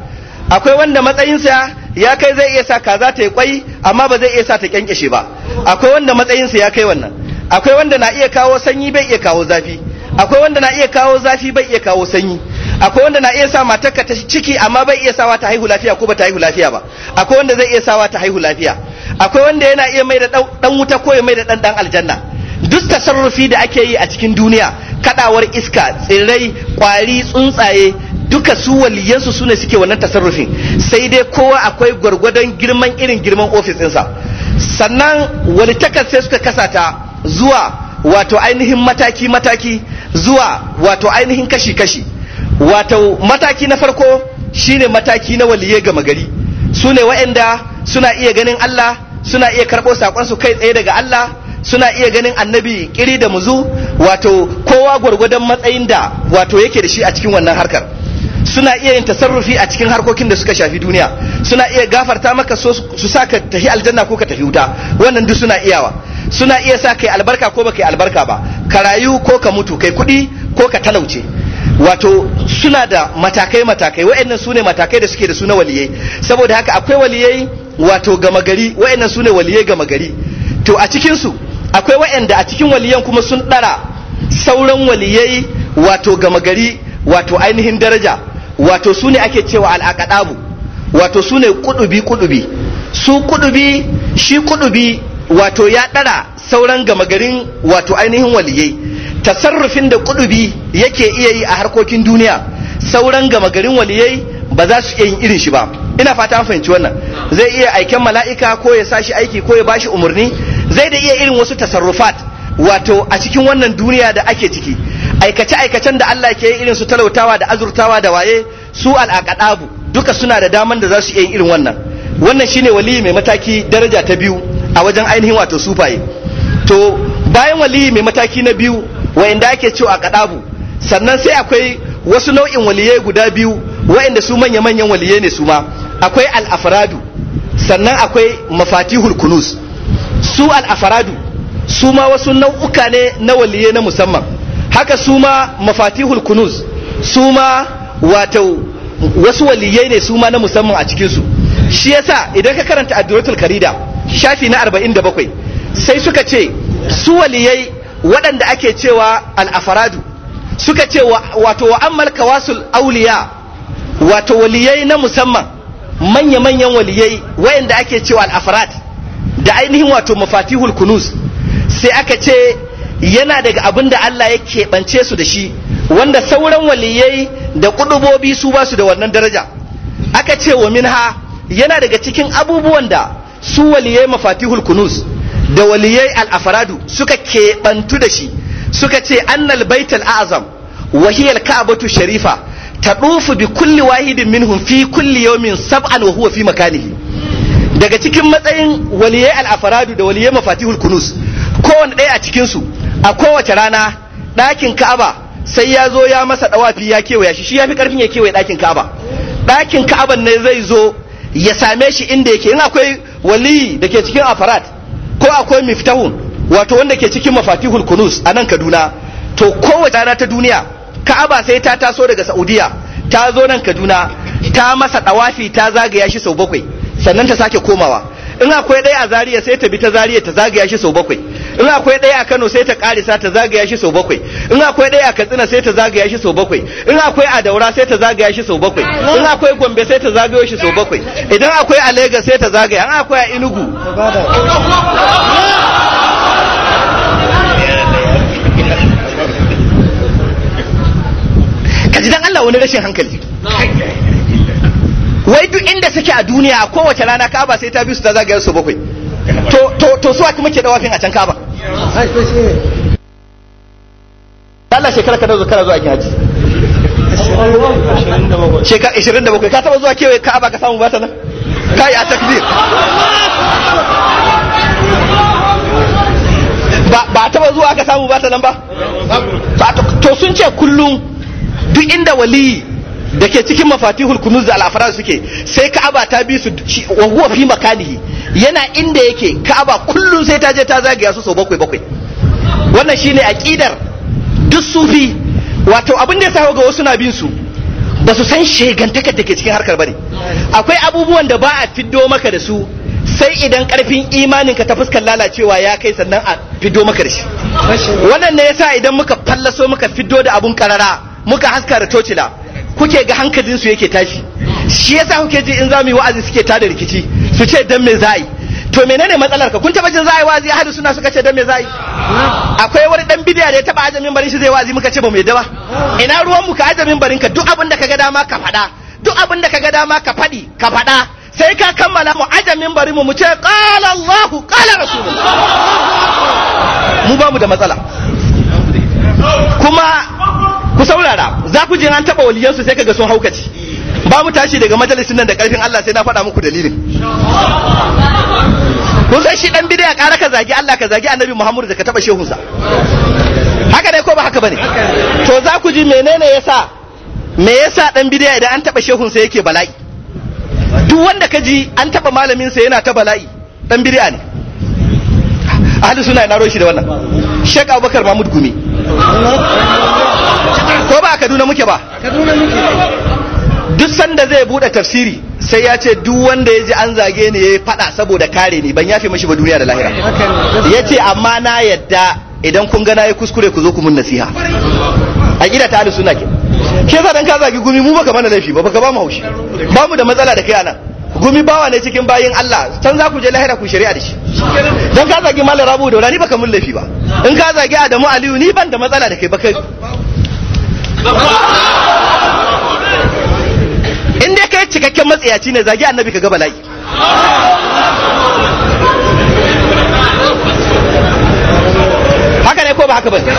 akwai wanda matsayinsa ya kai zai iya sa kaza ta yi kwai amma ba zai iya sa ta kyankyashe ba akwai wanda matsayinsa ya kai wannan akwai wanda na iya kawo sanyi bai iya kawo zafi akwai wanda na iya kawo zafi bai iya kawo sanyi akwai wanda na iya sa matarka ta ciki amma bai iya sawa ta haihu lafiya ko ba ta haihu lafiya ba akwai wanda zai iya sawa ta haihu lafiya akwai wanda yana iya mai da dan wuta ko ya mai da dan dan aljanna duk tasarrufi da ake yi a cikin duniya kadawar iska tsirrai kwari tsuntsaye duka su waliyansu su ne suke wannan tasarrufin sai dai kowa akwai gwargwadon girman irin girman ofis ɗinsa sannan takar sai suka kasata zuwa wato ainihin mataki-mataki zuwa wato ainihin kashi-kashi wato mataki na farko shine mataki na waliye gama gari su ne waɗanda suna iya ganin Allah suna iya karɓo saƙonsu kai tsaye daga Allah suna iya ganin annabi kiri da muzu wato kowa gwargwadon matsayin da wato yake da shi a cikin wannan harkar suna iya yin tasarrufi a cikin harkokin da suka shafi duniya suna iya gafarta maka su sa ka tafi aljanna ko ka tafi wuta wannan duk suna iyawa suna iya sa kai albarka ko baka yi albarka ba ka rayu ko ka mutu kai kuɗi ko ka talauce wato suna da matakai matakai wa'annan su ne matakai da suke da su na waliyai saboda haka akwai waliyai wato gama gari wa'annan su ne waliyai gama gari to a cikin su akwai wa'anda a cikin waliyan kuma sun ɗara sauran waliyai wato gama gari wato ainihin daraja wato su ne ake cewa al'aqadamu wato su ne kudubi kudubi su kuɗubi shi kuɗubi wato ya ɗara sauran gama garin wato ainihin waliyai tasarrufin da kuɗubi yake iya yi a harkokin duniya sauran gama garin waliyai ba za su iya yin irin shi ba ina fata an fahimci wannan zai iya aiken mala'ika ko ya sa shi aiki ko ya bashi umarni zai da iya irin wasu tasarrufat wato a cikin wannan duniya da ake ciki aikace aikacen da Allah ke yi irin su talautawa da azurtawa da waye su al'aqadabu duka suna da daman da za su iya irin wannan wannan shine waliyi mai mataki daraja ta biyu a wajen ainihin wato sufaye to bayan waliyi mai mataki na biyu wayanda ake cewa kadabu sannan sai akwai wasu nau'in waliye guda biyu wayanda su manya manyan waliye ne su ma akwai al-afradu sannan akwai mafatihul kunus su al-afradu su ma wasu nau'uka ne na waliye na musamman haka su ma mafatihul kunuz su ma wato wasu waliyai ne su ma na musamman a cikinsu shi yasa idan ka karanta addu'atul karida shafi na 47 sai suka ce su waliyai waɗanda ake cewa al'afaradu suka ce wato wa ammal kawasul auliya wato waliyai na musamman manya-manyan waliyai wayanda ake cewa al'afarat da ainihin wato mafatihul kunuz sai aka ce yana daga abin da Allah ya keɓance su da shi wanda sauran waliyai da kudubobi su ba su da wannan daraja aka ce wa minha yana daga cikin abubuwan da su waliyai mafatihul kunus da waliyai al-afaradu suka keɓantu da shi suka ce annal baitul azam wa hiya kabatu sharifa tadufu bi kulli wahidin minhum fi kulli yawmin sab'an wa huwa fi makanihi daga cikin matsayin waliyai al da waliyai mafatihul kunus kowane ɗaya a cikinsu a kowace rana ɗakin ka'aba sai ya zo ya masa ɗawafi ya kewaya shi shi ya fi ƙarfin ya kewaya ɗakin ka'aba ɗakin ka'aban ne zai zo ya same shi inda yake in akwai waliyi da ke cikin afarat ko akwai miftahun wato wanda ke cikin mafatihul kunus a nan kaduna to kowace rana ta duniya ka'aba sai ta taso daga saudiya ta zo nan kaduna ta masa ɗawafi ta zagaya shi sau bakwai sannan ta sake komawa in akwai ɗaya a Zariya sai ta bi ta Zariya ta zagaya shi sau bakwai in akwai ɗaya a kano sai ta karisa ta zagaya shi sau bakwai in akwai ɗaya a katsina sai ta zagaya shi sau bakwai in akwai a daura sai ta zagaya shi sau bakwai in akwai gombe sai ta zagayo shi sau bakwai idan akwai a lagos sai ta zagaya in akwai a inugu ji dan Allah wani rashin hankali wai duk inda suke a duniya kowace rana kaba sai ta bi su ta zagayar su bakwai to to to su aka muke dawafin a can kaba Allah shekara ka zo kana zuwa aikin haji shekara 27 ka taba zuwa kewaye kaba ka samu ba ta nan kai a takbir ba taba zuwa ka samu ba nan ba to sun ce kullum duk inda waliyi da ke cikin mafatihul kunuz da al'afaran suke sai ka'aba ta bi su wa huwa fi makanihi yana inda yake ka'aba kullum sai ta je ta zagaya su sau bakwai bakwai wannan shine aqidar duk sufi wato abin da ya sa ga wasu na bin su ba su san shegantakar da ke cikin harkar bane akwai abubuwan da ba a fiddo maka da su sai idan karfin imaninka ta fuskar lalacewa ya kai sannan a fiddo maka da shi wannan ne yasa idan muka fallaso muka fiddo da abun karara muka haska da tocila kuke ga hankalin su yake tashi shi yasa kuke ji in zamu yi wa'azi suke tada rikici su ce dan me za'i to menene matsalar ka kun taba jin za'i wa'azi ahadu suna suka ce dan me za'i akwai wani dan bidiya da ya taba ajamin barin shi zai wa'azi muka ce ba mu yadda ba ina ruwan mu ka ajamin barin ka duk abin da ka ga dama ka faɗa duk abin da ka ga dama ka faɗi ka faɗa sai ka kammala mu ajamin bari mu ce qala Allahu qala rasulullah mu ba mu da matsala kuma ku saurara za ku je an taba waliyansu sai kaga sun haukaci babu tashi daga majalisin nan da karfin Allah sai na faɗa muku dalilin kun san shi dan bidaya ƙara ka zagi Allah ka zagi annabi Muhammadu da ka taba shehunsa haka ne ko ba haka bane to za ku ji menene yasa me yasa dan bidaya idan an taba shehunsa yake bala'i duk wanda ka ji an taba malamin sa yana ta bala'i dan bidaya ne ahli suna na roshi da wannan shek Abubakar Mahmud Gumi ko ba a kaduna muke ba duk sanda zai bude tafsiri sai ya ce duk wanda ya ji an zage ni ya faɗa saboda kare ni ban yafe mashi ba duniya da lahira ya ce amma na yadda idan kun ga na yi kuskure ku zo ku mun nasiha a gida ta suna ke ke sa dan ka zagi gumi mu baka mana laifi ba baka ba mu haushi ba mu da matsala da kai anan gumi bawa ne cikin bayin Allah can za ku je lahira ku shari'a da shi dan ka zagi malam rabu da ni baka mun laifi ba in ka zagi Adamu Aliyu ni ban da matsala da kai baka. in dai kai cikakken matsiyaci ne zagi annabi ka ga bala'i haka ne ko ba haka bane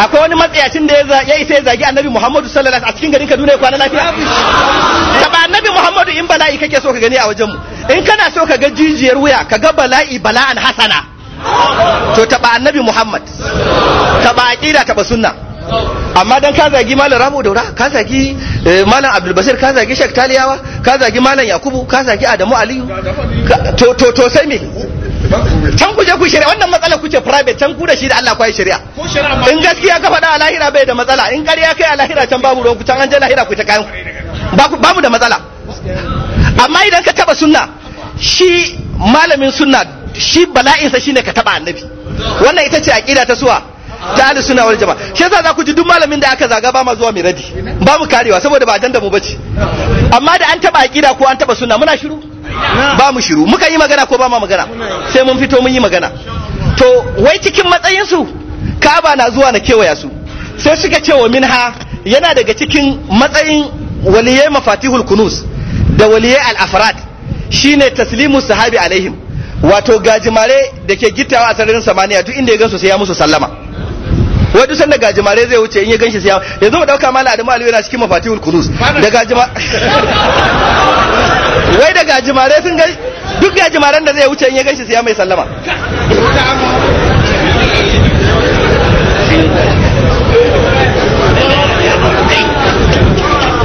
akwai wani matsayacin da ya isa ya zagi annabi Muhammadu sallallahu a cikin garin Kaduna ya kwana lafiya taba annabi Muhammadu in bala'i kake so ka gani a wajen mu in kana so ka ga jijiyar wuya ka ga bala'i bala'an hasana to taba annabi Muhammad taba aqida taba sunna amma dan ka zagi malam ramu daura ka zagi eh, malam abdul basir ka zagi shek taliyawa ka zagi malam yakubu ka zagi adamu aliyu to to sai me can ku je ku shari'a wannan matsala ce private can ku da shi da Allah kwai shari'a in gaskiya ka faɗa a lahira bai da matsala in ƙarya kai a lahira can babu ruwan ku can an je lahira ku ta kayan ba mu da matsala amma idan ka taba sunna shi malamin sunna shi bala'insa shine ka taba annabi wannan ita ce aqida ta suwa ta da suna wal jama'a shi yasa za ku ji duk malamin da aka zaga ba ma zuwa mai radi babu karewa saboda ba dan da mu bace amma da an taba akida ko an taba suna muna shiru ba mu shiru muka yi magana ko ba ma magana sai mun fito mun yi magana to wai cikin matsayin su kaba na zuwa na kewaya su sai suka ce wa minha yana daga cikin matsayin waliyai mafatihul kunus da waliyai al-afrad shine taslimu sahabi alaihim wato gajimare da ke gittawa a sararin samaniya duk inda ya gansu sai ya musu sallama wai duk sanda gajimare zai wuce in ya ganshi sai yanzu mu dauka mala adamu aliyu yana cikin mafatihul kunuz da gajima wai da gajimare sun ga duk gajimaren da zai wuce in ya ganshi sai mai sallama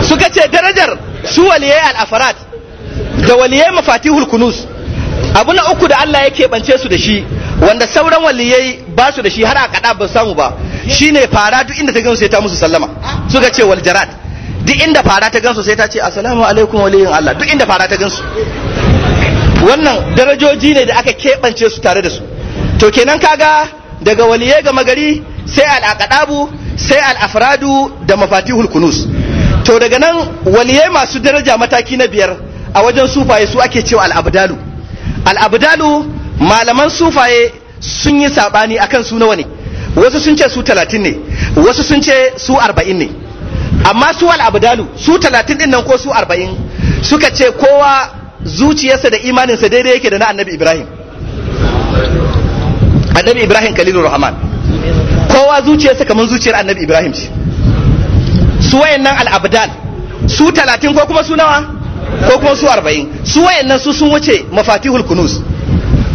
suka ce darajar su waliyai al-afarat da waliyai mafatihul kunuz abu na uku da Allah yake bance su da shi wanda sauran waliyai ba su da shi har a kada ba samu ba shine fara duk inda ta gansu sai ta musu sallama suka ce wal jarat duk inda fara ta gansu sai ta ce assalamu alaikum waliyin Allah duk inda fara ta gansu wannan darajoji ne da aka keɓance su tare da su to kenan kaga daga waliye ga magari sai al al'aqadabu sai al afradu da mafatihul kunus to daga nan waliyai masu daraja mataki na biyar a wajen sufaye su ake cewa al-abdalu al-abdalu malaman sufaye sun yi sabani akan su nawa ne wasu sun ce su talatin ne wasu sun ce su arba'in ne amma su wal abdalu su talatin din nan ko su arba'in suka ce kowa zuciyarsa da imaninsa daidai yake da na annabi ibrahim annabi ibrahim kalilu rahman kowa zuciyarsa kamar zuciyar annabi ibrahim ce su wayannan al abdal su talatin ko kuma su nawa ko kuma su arba'in su wayannan su sun wuce mafatihul kunus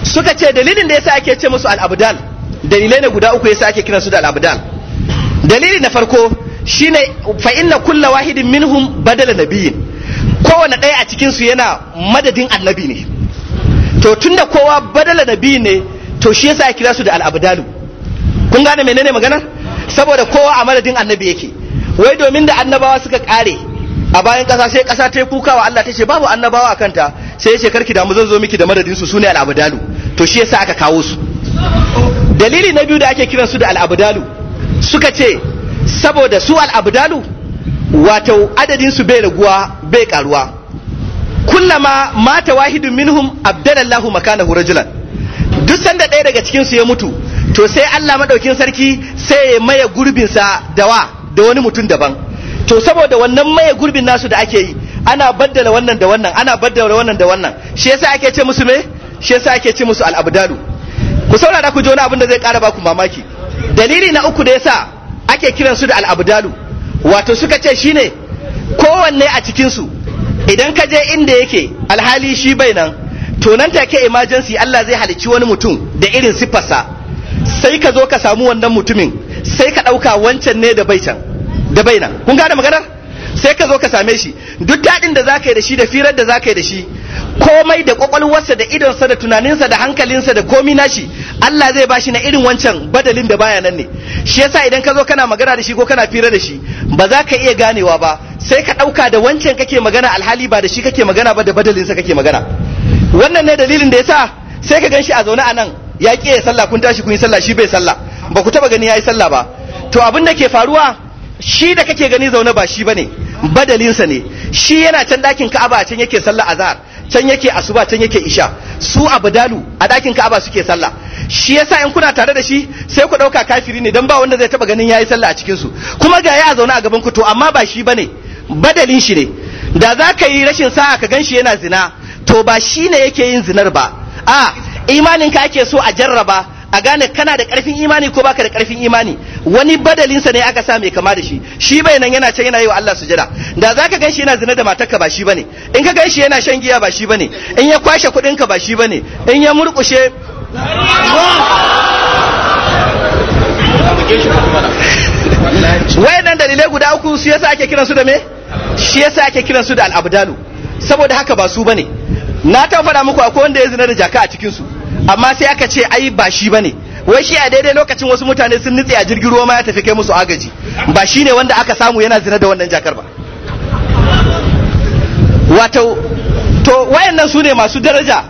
suka ce dalilin da yasa ake ce musu al-abdal dalilai ne guda uku yasa ake kiransu da al-abdal dalili na farko shine fa inna kulla wahidin minhum badala nabiyin kowane ɗaya a cikin su yana madadin annabi ne to tunda kowa badala nabi ne to shi yasa kira su da al-abdalu kun gane menene magana saboda kowa a madadin annabi yake wai domin da annabawa suka kare a bayan ƙasa sai kasa ta yi kuka wa Allah ta ce babu annabawa a kanta sai ya ce karki damu zan zo miki da madadin su sune al-abdalu to shi yasa aka kawo su dalili na biyu da ake kiransu da al'abdalu suka ce saboda su al'abdalu wato adadin su bai raguwa bai karuwa kullama mata wahidun minhum abdalallahu Makana rajulan duk sanda ɗaya daga cikin su ya mutu to sai Allah madaukin sarki sai ya maye gurbinsa da wa da wani mutum daban to saboda wannan maye gurbin nasu da ake yi ana baddala wannan da wannan ana baddala wannan da wannan shi yasa ake ce musu me shi yasa ake ce musu al'abdalu ku saurara ku ji wani abin da zai kara baku mamaki dalili na uku da yasa ake kiran su da al'abdalu wato suka ce shine kowanne a cikin su idan ka je inda yake alhali shi bai nan to nan take emergency Allah zai halicci wani mutum da irin siffarsa sai ka zo ka samu wannan mutumin sai ka ɗauka wancan ne da bai can da bai nan kun gane maganar sai ka zo ka same shi duk daɗin da zaka yi da shi da firar da zaka yi da shi komai da kwakwalwarsa da idonsa da tunaninsa da hankalinsa da komi nashi Allah zai bashi na irin wancan badalin da baya nan ne shi yasa idan ka zo kana magana da shi ko kana firar da shi ba za ka iya ganewa ba sai ka ɗauka da wancan kake magana alhali ba da shi kake magana ba da badalinsa kake magana wannan ne dalilin da yasa sai ka gan shi a zaune a nan ya ƙi ya sallah kun tashi kun yi sallah shi bai sallah ba ku taɓa gani ya yi sallah ba to abin da ke faruwa shi da kake gani zaune ba shi ba ne badalinsa ne shi yana can ɗakin ka'aba can yake sallah azhar can yake asuba can yake isha su abdalu a ɗakin ka'aba suke sallah shi yasa in kuna tare da shi sai ku ɗauka kafiri ne dan ba wanda zai taba ganin yayi sallah a cikin su kuma ga ya zaune a gaban ku to amma ba shi bane badalin shi ne da za ka yi rashin sa'a ka gan shi yana zina to ba shi ne yake yin zinar ba a imanin ka ake so a jarraba a gane kana da karfin imani ko baka da karfin imani wani badalinsa ne aka sa mai kama da shi shi bai nan yana can yana yi wa Allah sujada da zaka gan shi yana zina da matarka ba shi bane in ka gan shi yana shan giya ba shi bane in ya kwashe kudin ka ba shi bane in ya murkushe wayannan dalilai guda uku su yasa ake kiransu da me shi yasa ake kiransu da al-abdalu saboda haka ba su bane na ta faɗa muku akwai wanda ya zina da jaka a cikin su amma sai aka ce ai ba shi bane wai shi a daidai lokacin wasu mutane sun nutse a jirgin ruwa ma ya tafi kai musu agaji ba shi ne wanda aka samu yana zina da wannan jakar ba wato to wayannan su ne masu daraja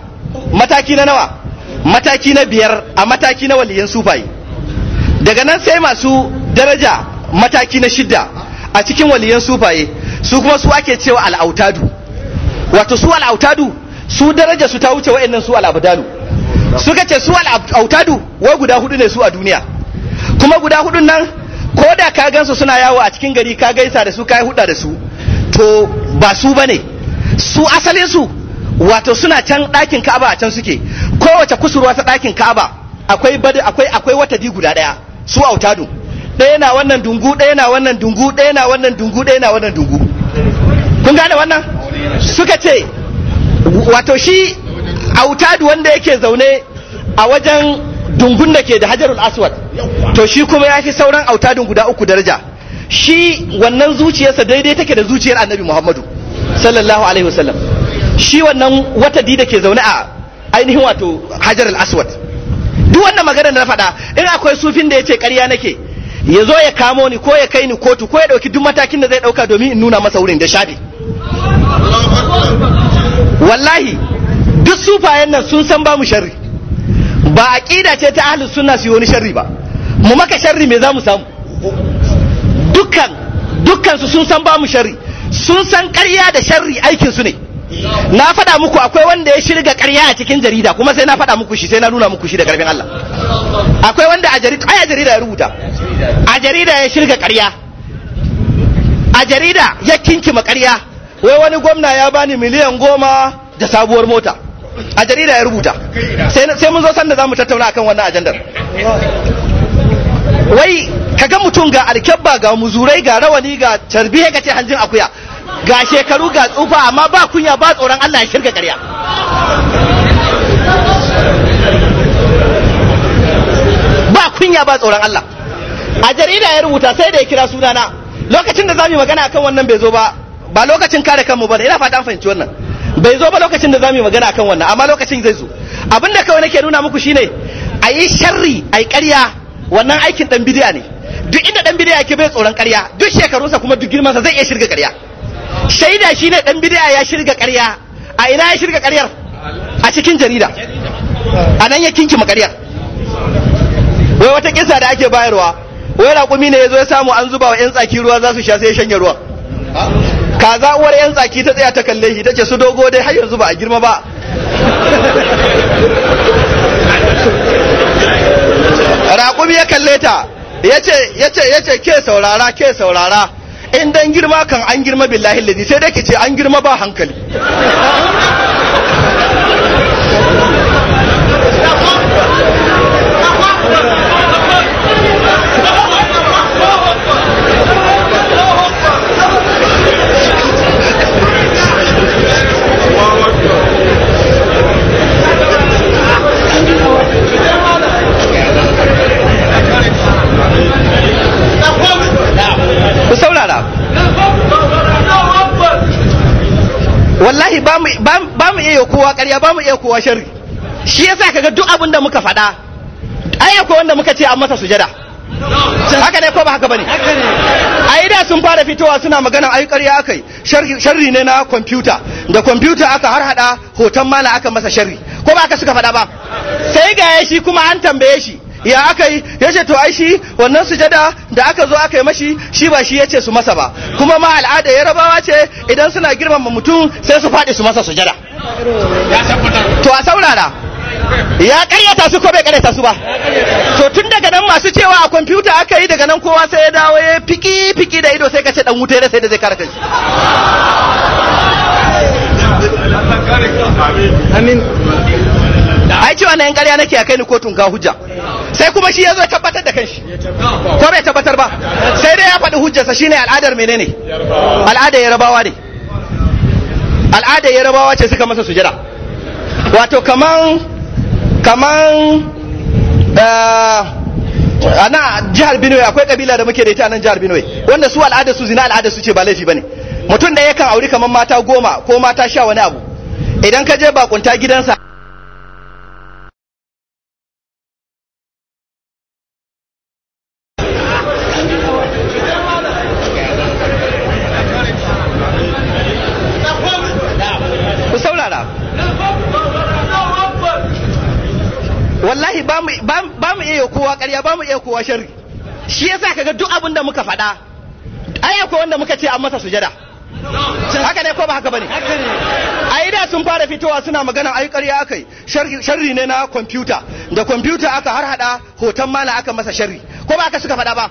mataki na nawa mataki na biyar a mataki na waliyan sufayi daga nan sai masu daraja mataki na shidda a cikin waliyan sufaye su kuma su ake cewa al'autadu wato su al'autadu su daraja su ta wuce wayannan su al'abdalu suka ce su al'autadu wai guda hudu ne su a duniya kuma guda hudun nan ko da ka gansu suna yawo a cikin gari ka gaisa da su ka huda da su to ba su bane su asalin su wato suna can ɗakin Ka'aba a can suke kowace kusurwa ta ɗakin Ka'aba akwai bada akwai akwai wata di guda ɗaya su autadu ɗaya na wannan dungu ɗaya na wannan dungu ɗaya na wannan dungu ɗaya na wannan dungu kun gane wannan suka ce wato shi autadu wanda yake zaune a wajen dungun da ke da hajarul aswad to shi kuma ya fi sauran autadun guda uku daraja shi wannan zuciyarsa daidai take da zuciyar annabi muhammadu sallallahu alaihi wasallam shi wannan watadi da ke zaune a ainihin wato hajarul aswad duk wannan magana da na faɗa in akwai sufin da ya ce karya nake ya zo ya kamo ni ko ya kai ni kotu ko ya ɗauki duk matakin da zai ɗauka domin in nuna masa wurin da shafi. wallahi duk sufayen nan sun san ba mu sharri ba aqida ce ta ahlus sunna su wani sharri ba mu maka sharri me za mu samu dukkan dukkan su sun san ba mu sharri sun san ƙarya da sharri aikin su ne na faɗa muku akwai wanda ya shirga ƙarya a cikin jarida kuma sai na faɗa muku shi sai na nuna muku shi da ƙarfin Allah akwai wanda a jarida ai a jarida ya rubuta a jarida ya shirga ƙarya a jarida ya kinkima ƙarya wai wani gwamna ya bani miliyan goma da sabuwar mota a jarida ya rubuta sai mun zo sanda za mu tattauna akan wannan ajandar wai kaga mutum ga alkyabba ga muzurai ga rawani ga tarbiya ga ce hanjin akuya ga shekaru ga tsufa amma ba kunya ba tsoron Allah ya shirka ƙarya ba kunya ba tsoron Allah a jarida ya rubuta sai da ya kira sunana lokacin da za mu yi magana akan wannan bai zo ba ba lokacin kare kanmu ba ina fata an fahimci wannan bai zo ba lokacin da zamu magana akan wannan amma lokacin zai zo abin da kawai nake nuna muku shine a yi sharri a yi ƙarya wannan aikin dan bidiya ne duk inda dan bidiya yake bai tsoron ƙarya duk shekarunsa kuma duk sa zai iya shirga ƙarya shaida shine dan bidiya ya shirga ƙarya a ina ya shirga ƙaryar a cikin jarida a nan ya kinki ƙaryar wai wata kisa da ake bayarwa wai raƙumi ne ya zo ya samu an zuba wa 'yan tsaki ruwa za su sha sai ya shanya ruwa. kaza uwar yan tsaki ta tsaya ta kalle shi tace su dogo dai har yanzu ba a girma ba raƙumi ya kalle ta yace yace yace ke saurara ke saurara in dan girma kan an girma billahi ladi sai dai ki ce an girma ba hankali ku saurara wallahi ba mu iya kowa ƙarya ba mu iya kowa shari shi yasa kaga duk abin da muka faɗa ai akwai wanda muka ce an masa sujada haka ne ko ba haka bane yi da sun fara fitowa suna magana ai ƙarya yi sharri ne na kwamfuta da kwamfuta aka har hada hoton mala aka masa sharri ko ba aka suka faɗa ba sai ga shi kuma an tambaye shi ya aka yi ya ce to ai shi wannan sujada da aka zo aka yi mashi shi ba shi ya ce su masa ba kuma ma al'ada ya rabawa ce idan suna girmama mutum sai su faɗi su masa sujada to a saurara ya karyata su ko bai karyata su ba to tun daga nan masu cewa a kwamfuta aka yi daga nan kowa sai ya dawo ya fiki fiki da ido sai ka ce dan wuta ya sai da zai kare kai amin ai cewa na yan ƙarya nake a kai ni kotun ga hujja sai kuma shi ya tabbatar da kanshi ko bai tabbatar ba sai dai ya faɗi hujjarsa shine al'adar menene al'adar yarabawa ne al'adar yarabawa ce suka masa sujada wato kaman kaman eh, a na jihar Benue akwai kabila da muke da ita a nan jihar Benue wanda su al'ada su zina al'ada su ce ba laifi bane mutum da yakan auri kaman mata goma ko mata sha wani abu idan ka je bakunta gidansa kowa sharri shi yasa kaga duk abin da muka faɗa ai akwai wanda muka ce an masa sujada haka ne ko ba haka bane ai da sun fara fitowa suna magana ai ƙarya akai sharri ne na kwamfuta da kwamfuta aka har hada hoton mala aka masa sharri ko ba aka suka faɗa ba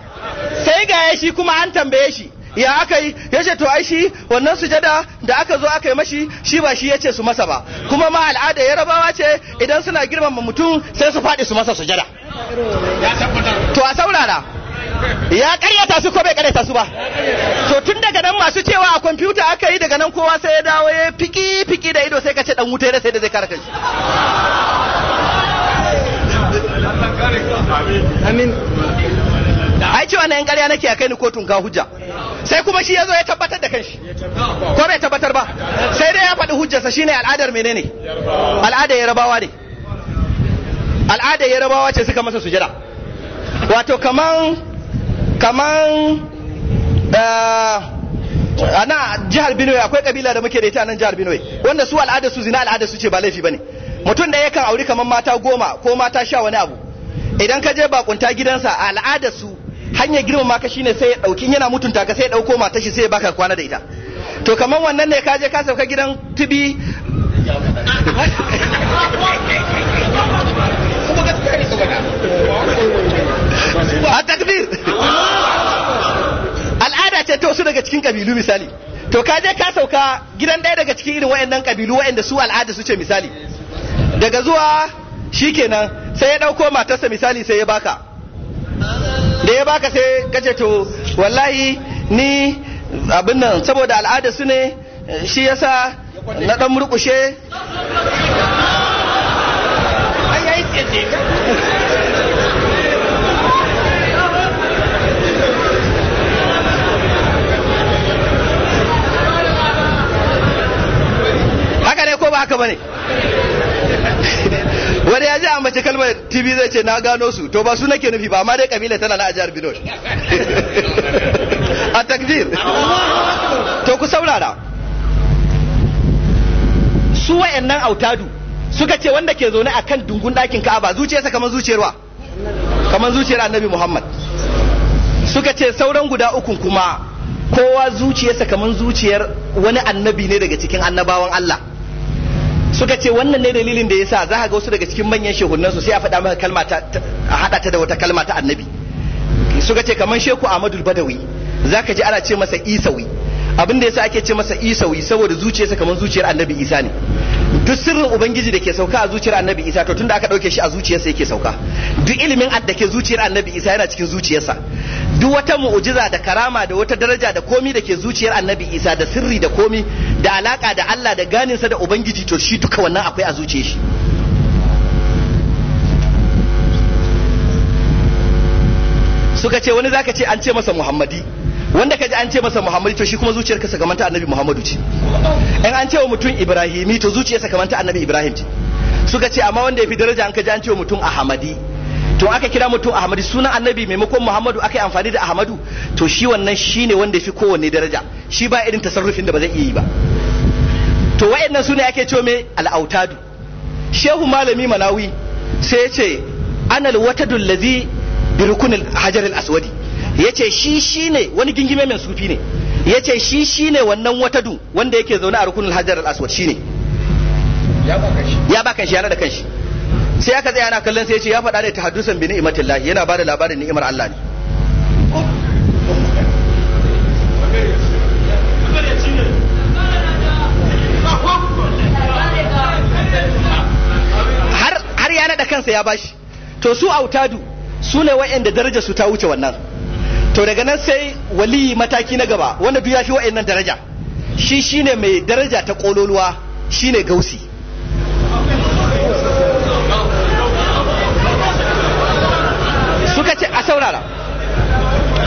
sai ga ya shi kuma an tambaye shi ya aka yi ya ce to ai shi wannan sujada da aka zo aka yi mashi shi ba shi ya ce su masa ba kuma ma al'ada yarabawa ce idan suna girmama mutum sai su faɗi su masa sujada to a saurara ya karyata su ko bai karyata su ba to tun daga nan masu cewa a kwamfuta aka yi daga nan kowa sai ya dawo ya fiki fiki da ido sai ka ce dan wuta da sai da zai kare kai amin ai cewa na yan karya nake a kai ni kotun ga hujja sai kuma shi ya zo ya tabbatar da kanshi ko bai tabbatar ba sai dai ya faɗi hujjarsa shine al'adar menene ya yarabawa ne al'adar yarabawa ce suka masa sujada wato kaman kaman eh, a jihar Benue akwai kabila da muke da ita nan jihar Benue wanda su al'ada su zina al'ada su ce ba laifi bane mutum da yakan auri kaman mata goma ko mata sha wani abu idan ka je bakunta gidansa a al'ada su hanyar girmama ka shine sai ya dauki yana mutunta ka sai ya dauko mata shi sai ya baka kwana da ita to kaman wannan ne ka je ka sauka gidan tubi al'ada ce to su daga cikin kabilu misali to ka je ka sauka gidan ɗaya daga cikin irin wayannan kabilu wayanda su al'ada su ce misali daga zuwa shikenan sai ya ɗauko matarsa misali sai ya baka da ya baka sai kace to wallahi ni abin nan saboda al'ada su ne shi yasa na dan murkushe haka ne ko ba haka ba ne wani ya ji a mace kalmar tv zai ce na gano su to ba su nake nufi ba amma dai kabila tana na a jihar bidosh a takbir to ku saurara su wa'annan autadu suka ce wanda ke zaune a kan dungun ɗakin ka'aba zuciyarsa kamar zuciyarwa kamar zuciyar annabi muhammad suka ce sauran guda ukun kuma kowa zuciyarsa kamar zuciyar wani annabi ne daga cikin annabawan allah suka ce wannan ne dalilin da ya sa za ga wasu daga cikin manyan shehunan su sai a faɗa maka kalma ta a haɗa ta da wata kalma ta annabi suka ce kamar sheku amadul badawi za ka ji ana ce masa isawi abin da sa ake ce masa isawi saboda zuciyarsa kamar zuciyar annabi isa ne duk sirrin ubangiji da ke sauka a zuciyar annabi isa to tunda aka dauke shi a zuciyarsa yake sauka duk ilimin da ke zuciyar annabi isa yana cikin zuciyarsa duk wata mu'ujiza da karama da wata daraja da komi da ke zuciyar annabi isa da sirri da komi da alaka da allah da ganinsa da ubangiji to shi duka wannan akwai a zuciyar shi suka ce wani zaka ce an ce masa muhammadi wanda kaji an ce masa muhammadu to shi kuma zuciyar ka sakamanta annabi muhammadu ce in an ce wa mutum ibrahimi to zuciyar sakamanta annabi ibrahim ce suka ce amma wanda ya fi daraja an kaji an ce wa mutum ahmadi to aka kira mutum ahmadi sunan annabi maimakon muhammadu aka yi amfani da ahmadu to shi wannan shine wanda ya fi kowanne daraja shi ba irin tasarrufin da ba zai iya yi ba to wa'annan sune ake cewa me al'autadu shehu malami malawi sai ya ce anal watadul ladhi bi hajaril aswadi Ya ce shi shine wani gingime mai sufi ne ya ce shi shine wannan wata du wanda yake zaune a rukunin hajjar al shi shine ya baka shi ya shi yana da kanshi sai aka tsaya ana kallon sai ya ce ya faɗa ne tahaddusan bi ni'matillah yana ba da labarin ni'imar Allah ne har yana da kansa ya bashi to su autadu su ne wa'anda darajar su ta wuce wannan to daga nan sai wali mataki na gaba wanda duk ya fi wa'annan daraja shi shine mai daraja ta kololuwa shine gausi suka ce a saurara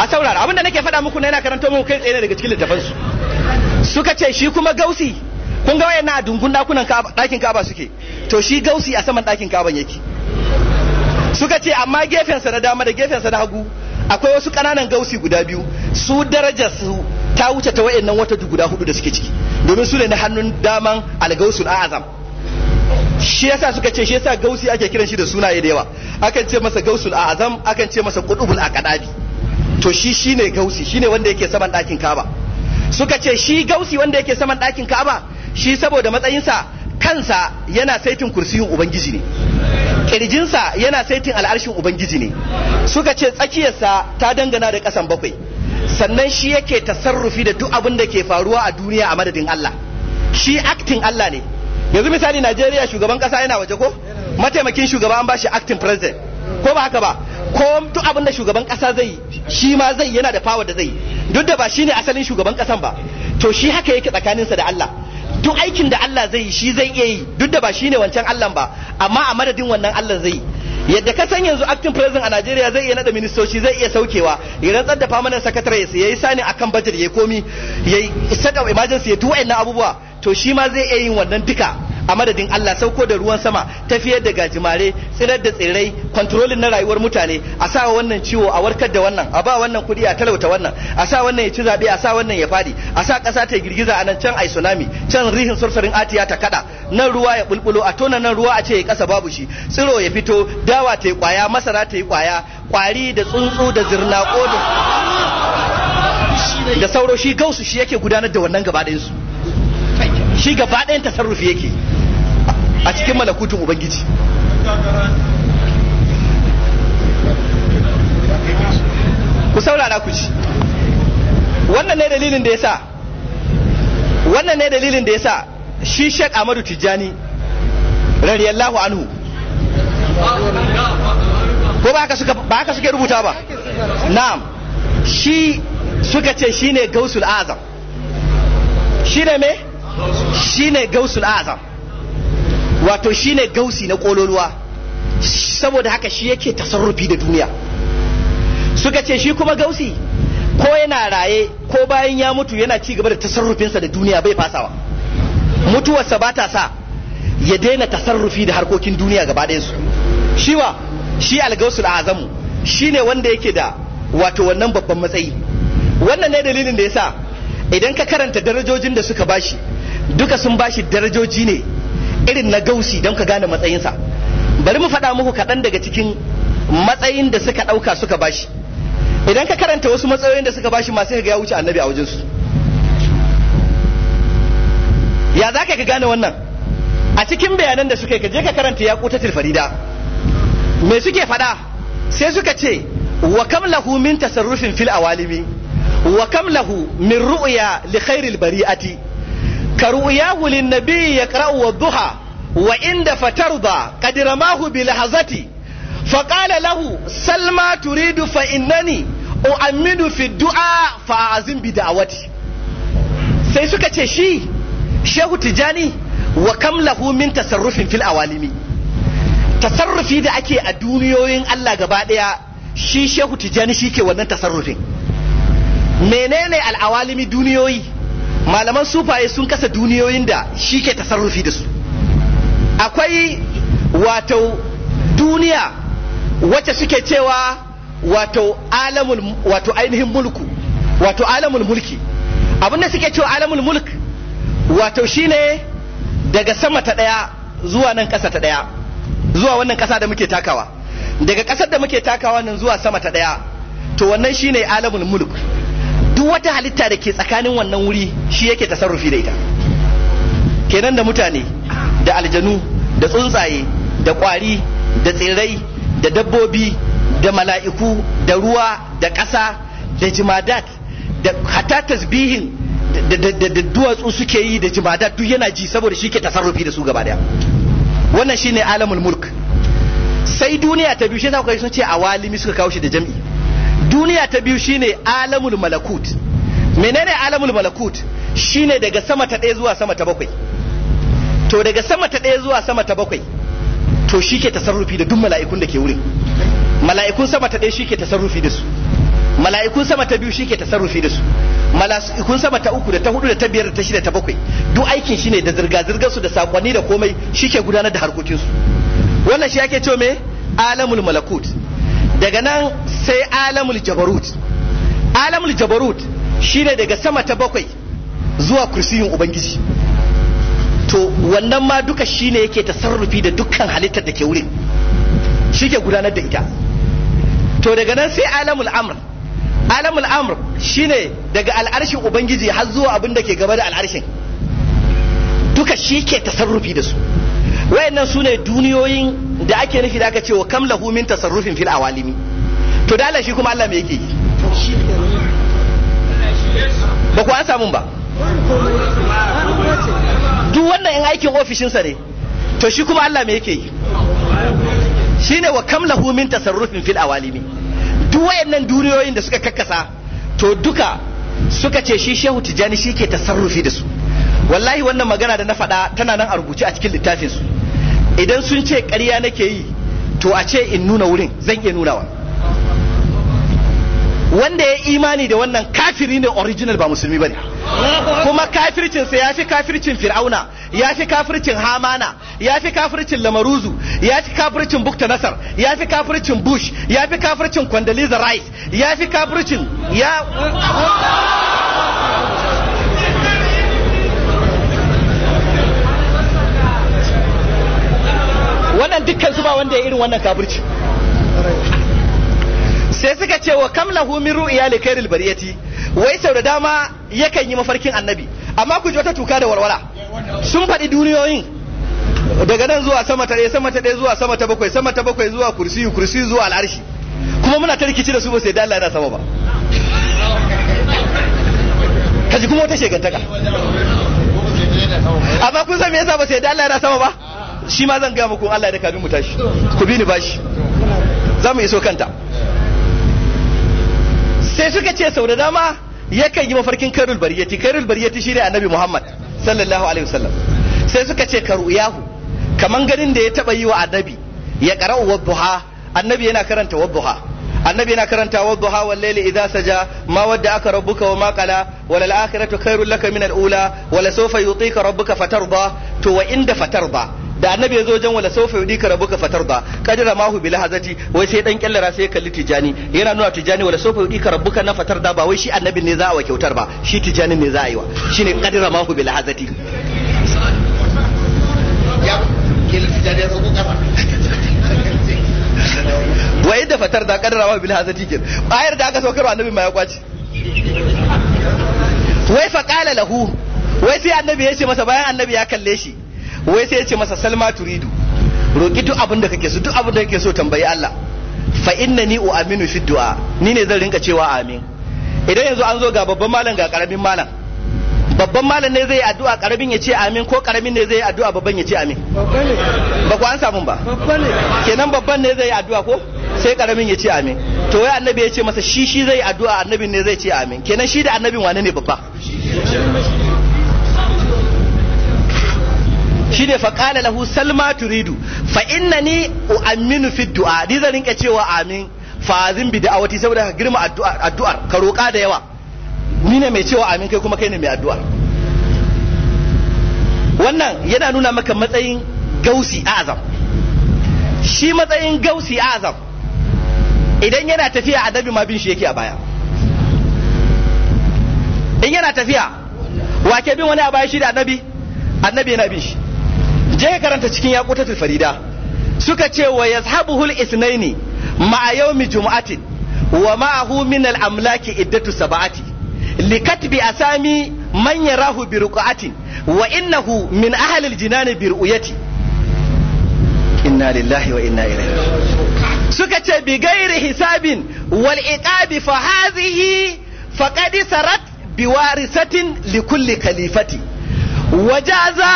a saurara abinda nake faɗa muku na yana karanto muku kai tsaye daga cikin littafansu suka ce shi kuma gausi kun ga wayannan a dungun dakunan ɗakin kaba suke to shi gausi a saman ɗakin kaban yake suka ce amma gefensa na dama da gefensa na hagu akwai wasu ƙananan gausi guda biyu su daraja su ta wuce ta wayannan wata guda hudu da suke ciki domin su ne na hannun daman algausul azam shi yasa suka ce shi yasa gausi ake kiran shi da sunaye da yawa akan ce masa gausul azam akan ce masa qudubul aqdabi to shi shine gausi shine wanda yake saman ɗakin Ka'aba suka ce shi gausi wanda yake saman ɗakin Ka'aba shi saboda matsayinsa kansa yana saitin kursiyin ubangiji ne kirjinsa yana saitin al'arshin ubangiji ne suka ce tsakiyarsa ta dangana da kasan bakwai sannan shi yake tasarrufi da duk abin da ke faruwa a duniya a madadin Allah shi acting Allah ne yanzu misali Najeriya shugaban kasa yana waje ko mataimakin shugaba an bashi acting president ko ba haka ba ko duk abin da shugaban kasa zai shi ma zai yana da power da zai duk da ba shine asalin shugaban kasan ba to shi haka yake tsakaninsa da Allah duk aikin da Allah zai yi shi zai iya yi duk da ba shine wancan Allah ba amma a madadin wannan Allah zai yadda ka san yanzu acting president a Najeriya zai iya nada ministoci zai iya saukewa ya rantsar da permanent secretary ya yi sani akan budget ya komi ya yi sadawa emergency ya tuwa abubuwa to shi ma zai iya yin wannan duka a madadin Allah sauko da ruwan sama tafiyar da gajimare tsirar da tsirrai kontrolin na rayuwar mutane a sa wannan ciwo a warkar da wannan a ba wannan kuɗi a talauta wannan a sa wannan ya ci zaɓe a sa wannan ya fadi a sa ƙasa ta girgiza a nan can ai tsunami can rihin sursarin atiya ta kaɗa nan ruwa ya bulbulo a tona nan ruwa a ce ya ƙasa babu shi tsiro ya fito dawa ta yi ƙwaya masara ta yi ƙwaya ƙwari da tsuntsu da zirnaƙo da da sauro shi gausu shi yake gudanar da wannan gaba ɗayansu shi gaba ɗayan tasarrufi yake a cikin malakutun ubangiji ku saurara ku ci wannan ne dalilin da yasa wannan ne dalilin da yasa shi Sheikh Amadu Tijjani radiyallahu anhu ko ba haka suke rubuta ba na'am shi suka ce shi ne Gausul Azam shi ne me shi ne Gausul Azam wato shine gausi na kololuwa saboda haka shi yake tasarrufi da duniya suka ce shi kuma gausi ko yana raye ko bayan ya mutu yana ci gaba da tasarrufinsa da duniya bai fasawa mutuwarsa ba ta sa ya daina tasarrufi da harkokin duniya gaba su shi wa shi algausul azamu shi ne wanda yake da wato wannan babban matsayi wannan ne dalilin da ya sa idan ka karanta darajojin da suka bashi duka sun bashi darajoji ne irin na gausi don ka gane matsayinsa bari mu faɗa muku kaɗan daga cikin matsayin da suka ɗauka suka bashi idan ka karanta wasu matsayoyin da suka bashi masu ga ya wuce annabi a wajensu ya za ka gane wannan a cikin bayanan da suka yi ka je ka karanta ya kuta farida me suke faɗa sai suka ce wa kam lahu min tasarrufin fil awalimi wa kam lahu min ru'ya li khairil bari'ati كرؤياه للنبي يقرأ والضحى وإن فترضى قد رماه بلحظتي فقال له سل ما تريد فإنني أؤمن في الدعاء فأعزم بدعوتي sai suka ce shi shehu tijani wa kam lahu tasarrufin fil tasarrufi da ake a duniyoyin Allah gaba daya shi shehu tijani shi ke wannan tasarrufin menene al'awalimi duniyoyi malaman sufaye sun kasa duniyoyin da shi ke tasarrufi da su akwai wato duniya wacce suke cewa wato alamul wato ainihin mulku wato alamul mulki abinda suke cewa alamul mulk wato shine daga sama ta daya zuwa nan kasa ta daya zuwa wannan kasa da muke takawa daga kasar da muke takawa nan zuwa sama ta daya to wannan shine alamul mulk duk wata halitta da ke tsakanin wannan wuri shi yake tasarrufi da ita kenan da mutane da aljanu da tsuntsaye da kwari da tsirrai da dabbobi da mala'iku da ruwa da ƙasa da jimadat da hata tasbihin da duwatsu suke yi da jimadat duk yana ji saboda shi ke tasarrufi da su gaba daya wannan shine alamul mulk sai duniya ta biyu shi sun ce a walimi suka kawo shi da jam'i duniya ta biyu shine alamul malakut menene alamul malakut shine daga sama ta ɗaya zuwa sama ta bakwai to daga sama ta ɗaya zuwa sama ta bakwai to shi ke tasarrufi da duk mala'ikun da ke wurin mala'ikun sama ta ɗaya shi ke tasarrufi da su mala'ikun sama ta biyu shi ke tasarrufi da su mala'ikun sama ta uku da ta hudu da ta biyar da ta shida ta bakwai duk aikin shi ne da zirga-zirgar su da sakonni da komai shi ke gudanar da harkokinsu wannan shi ake cewa me alamul malakut daga nan sai alamul jabarut alamul jabarut shine daga sama ta bakwai zuwa kursiyin ubangiji to wannan ma duka shine yake tasarrufi da dukkan halittar da ke wurin shike gudanar da ita to daga nan sai alamul amr alamul amr shine daga al'arshin ubangiji har zuwa abin da ke gaba da al'arshin duka shi tasarrufi da su wayannan su ne duniyoyin da ake nufi da aka ce wa kam lahu min tasarrufin fil awalimi to da Allah shi kuma Allah me yake yi ba ku an samu ba duk wannan in aikin ofishinsa ne to shi kuma Allah me yake yi shine wa kam lahu min tasarrufin fil awalimi duk wayannan duniyoyin da suka kakkasa to duka suka ce shi shehu tijani shi ke tasarrufi da su wallahi wannan magana da na faɗa tana nan a rubuce a cikin littafinsu idan sun ce ƙarya nake yi to a ce in nuna wurin zan iya nunawa wanda ya imani da wannan kafiri ne original ba musulmi bane kuma kafircinsa ya fi kafircin fir'auna ya fi kafircin hamana ya fi kafircin lamaruzu ya fi kafircin bukta nasar ya fi kafircin bush ya fi kafircin kwandaliza rice ya fi kafircin ya wannan dukkan su ba wanda ya irin wannan kafirci sai suka ce wa kam lahu min ru'ya li bariyati wai sau da dama yakan yi mafarkin annabi amma ku ji wata tuka da warwara sun faɗi duniyoyin daga nan zuwa sama ta ɗaya sama ta ɗaya zuwa sama ta bakwai sama ta bakwai zuwa kursi kursi zuwa al'arshi kuma muna ta rikici da su ba sai da Allah yana sama ba kaji kuma wata shegantaka amma kun san me yasa ba sai da Allah yana sama ba shi ma zan gaya muku Allah da kabi mu tashi ku bi ni bashi za mu iso kanta sai suka ce sau da dama yakan yi mafarkin karul bariyati karul bariyati ne annabi Muhammad sallallahu alaihi wasallam sai suka ce karu yahu kaman ganin da ya taba yi wa annabi ya wa buha annabi yana karanta buha annabi yana karanta wadduha wal layli idza saja ma wadda aka rabbuka wa ma qala wal akhiratu khairul laka min al ula wa sawfa yutika rabbuka fatarda to wa inda fatarda da annabi ya zo jan wala sawfa ka rabbuka fatarda kadira mahu bil hazati wai sai dan kyallara sai kalli tijani yana nuna tijani wala sawfa yudika rabbuka na fatarda ba wai shi annabin ne za a wa kyautar ba shi tijanin ne za a yi wa shine kadira mahu bil hazati wa yadda fatar da kadara wa bil hazati kin ayar da aka saukar annabi ma ya wai fa qala lahu wai sai annabi ya ce masa bayan annabi ya kalle shi wai sai ya ce masa salma turidu roki duk abin da kake so duk abin da kake so tambayi Allah fa innani u'aminu fi du'a ni ne zan rinka cewa amin idan yanzu an zo ga babban malam ga karamin malam babban malam ne zai yi addu'a karamin ya ce amin ko karamin ne zai yi addu'a babban ya ce amin ne. ba ku an samu ba kenan babban ne zai yi addu'a ko sai karamin ya ce amin to wai annabi ya ce masa shi shi zai yi addu'a annabin ne zai ce amin kenan shi da annabin wane ne babba shine fa qala lahu salma turidu fa innani u'minu fi du'a ni zan rinka cewa amin fa azin bi da'awati saboda ka girma addu'ar ka roƙa da yawa ni ne mai cewa amin kai kuma kai ne mai addu'a wannan yana nuna maka matsayin gausi azam shi matsayin gausi azam idan yana tafiya adabi ma bin shi yake a baya in yana tafiya wake bin wani a baya shi da annabi annabi yana bin shi je karanta cikin yaqutatul farida suka ce wa yazhabuhul isnaini ma'a yawmi jumu'atin wa ma'ahu min al-amlaki iddatu sab'ati likatbi asami man yarahu bi ruqatin wa innahu min ahli al-jinan bi ru'yati inna lillahi wa inna ilaihi suka ce bi gairi hisabin wal iqabi fa hadhihi faqad sarat bi warisatin li kulli khalifati wajaza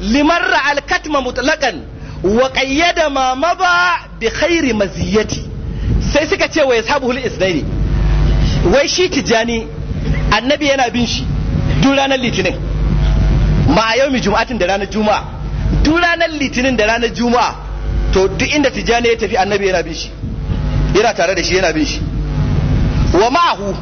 لمر ra'al katma mutlaqan wa qayyada ma maba bi maziyati sai suka ce wa yashabu hul isnaini wai shi tijani annabi yana bin shi duk ranar litinin ma a yau juma'atin da ranar juma'a duk ranar litinin da ranar juma'a to duk inda tijani ya tafi annabi yana bin shi yana tare da shi yana bin shi wa ma'ahu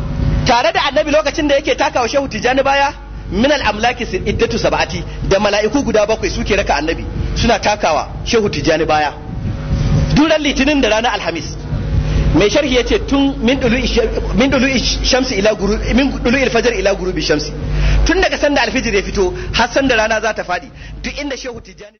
tare da annabi lokacin da yake takawa shehu tijani baya min al-amlaki iddatu sab'ati da mala'iku guda bakwai suke raka annabi suna takawa shehu tijani baya duran litinin da ranar alhamis mai sharhi yace tun min dulu shamsi ila guru min dulu ila guru bi shamsi tun daga sanda alfijir ya fito har sanda rana za ta fadi duk inda shehu tijani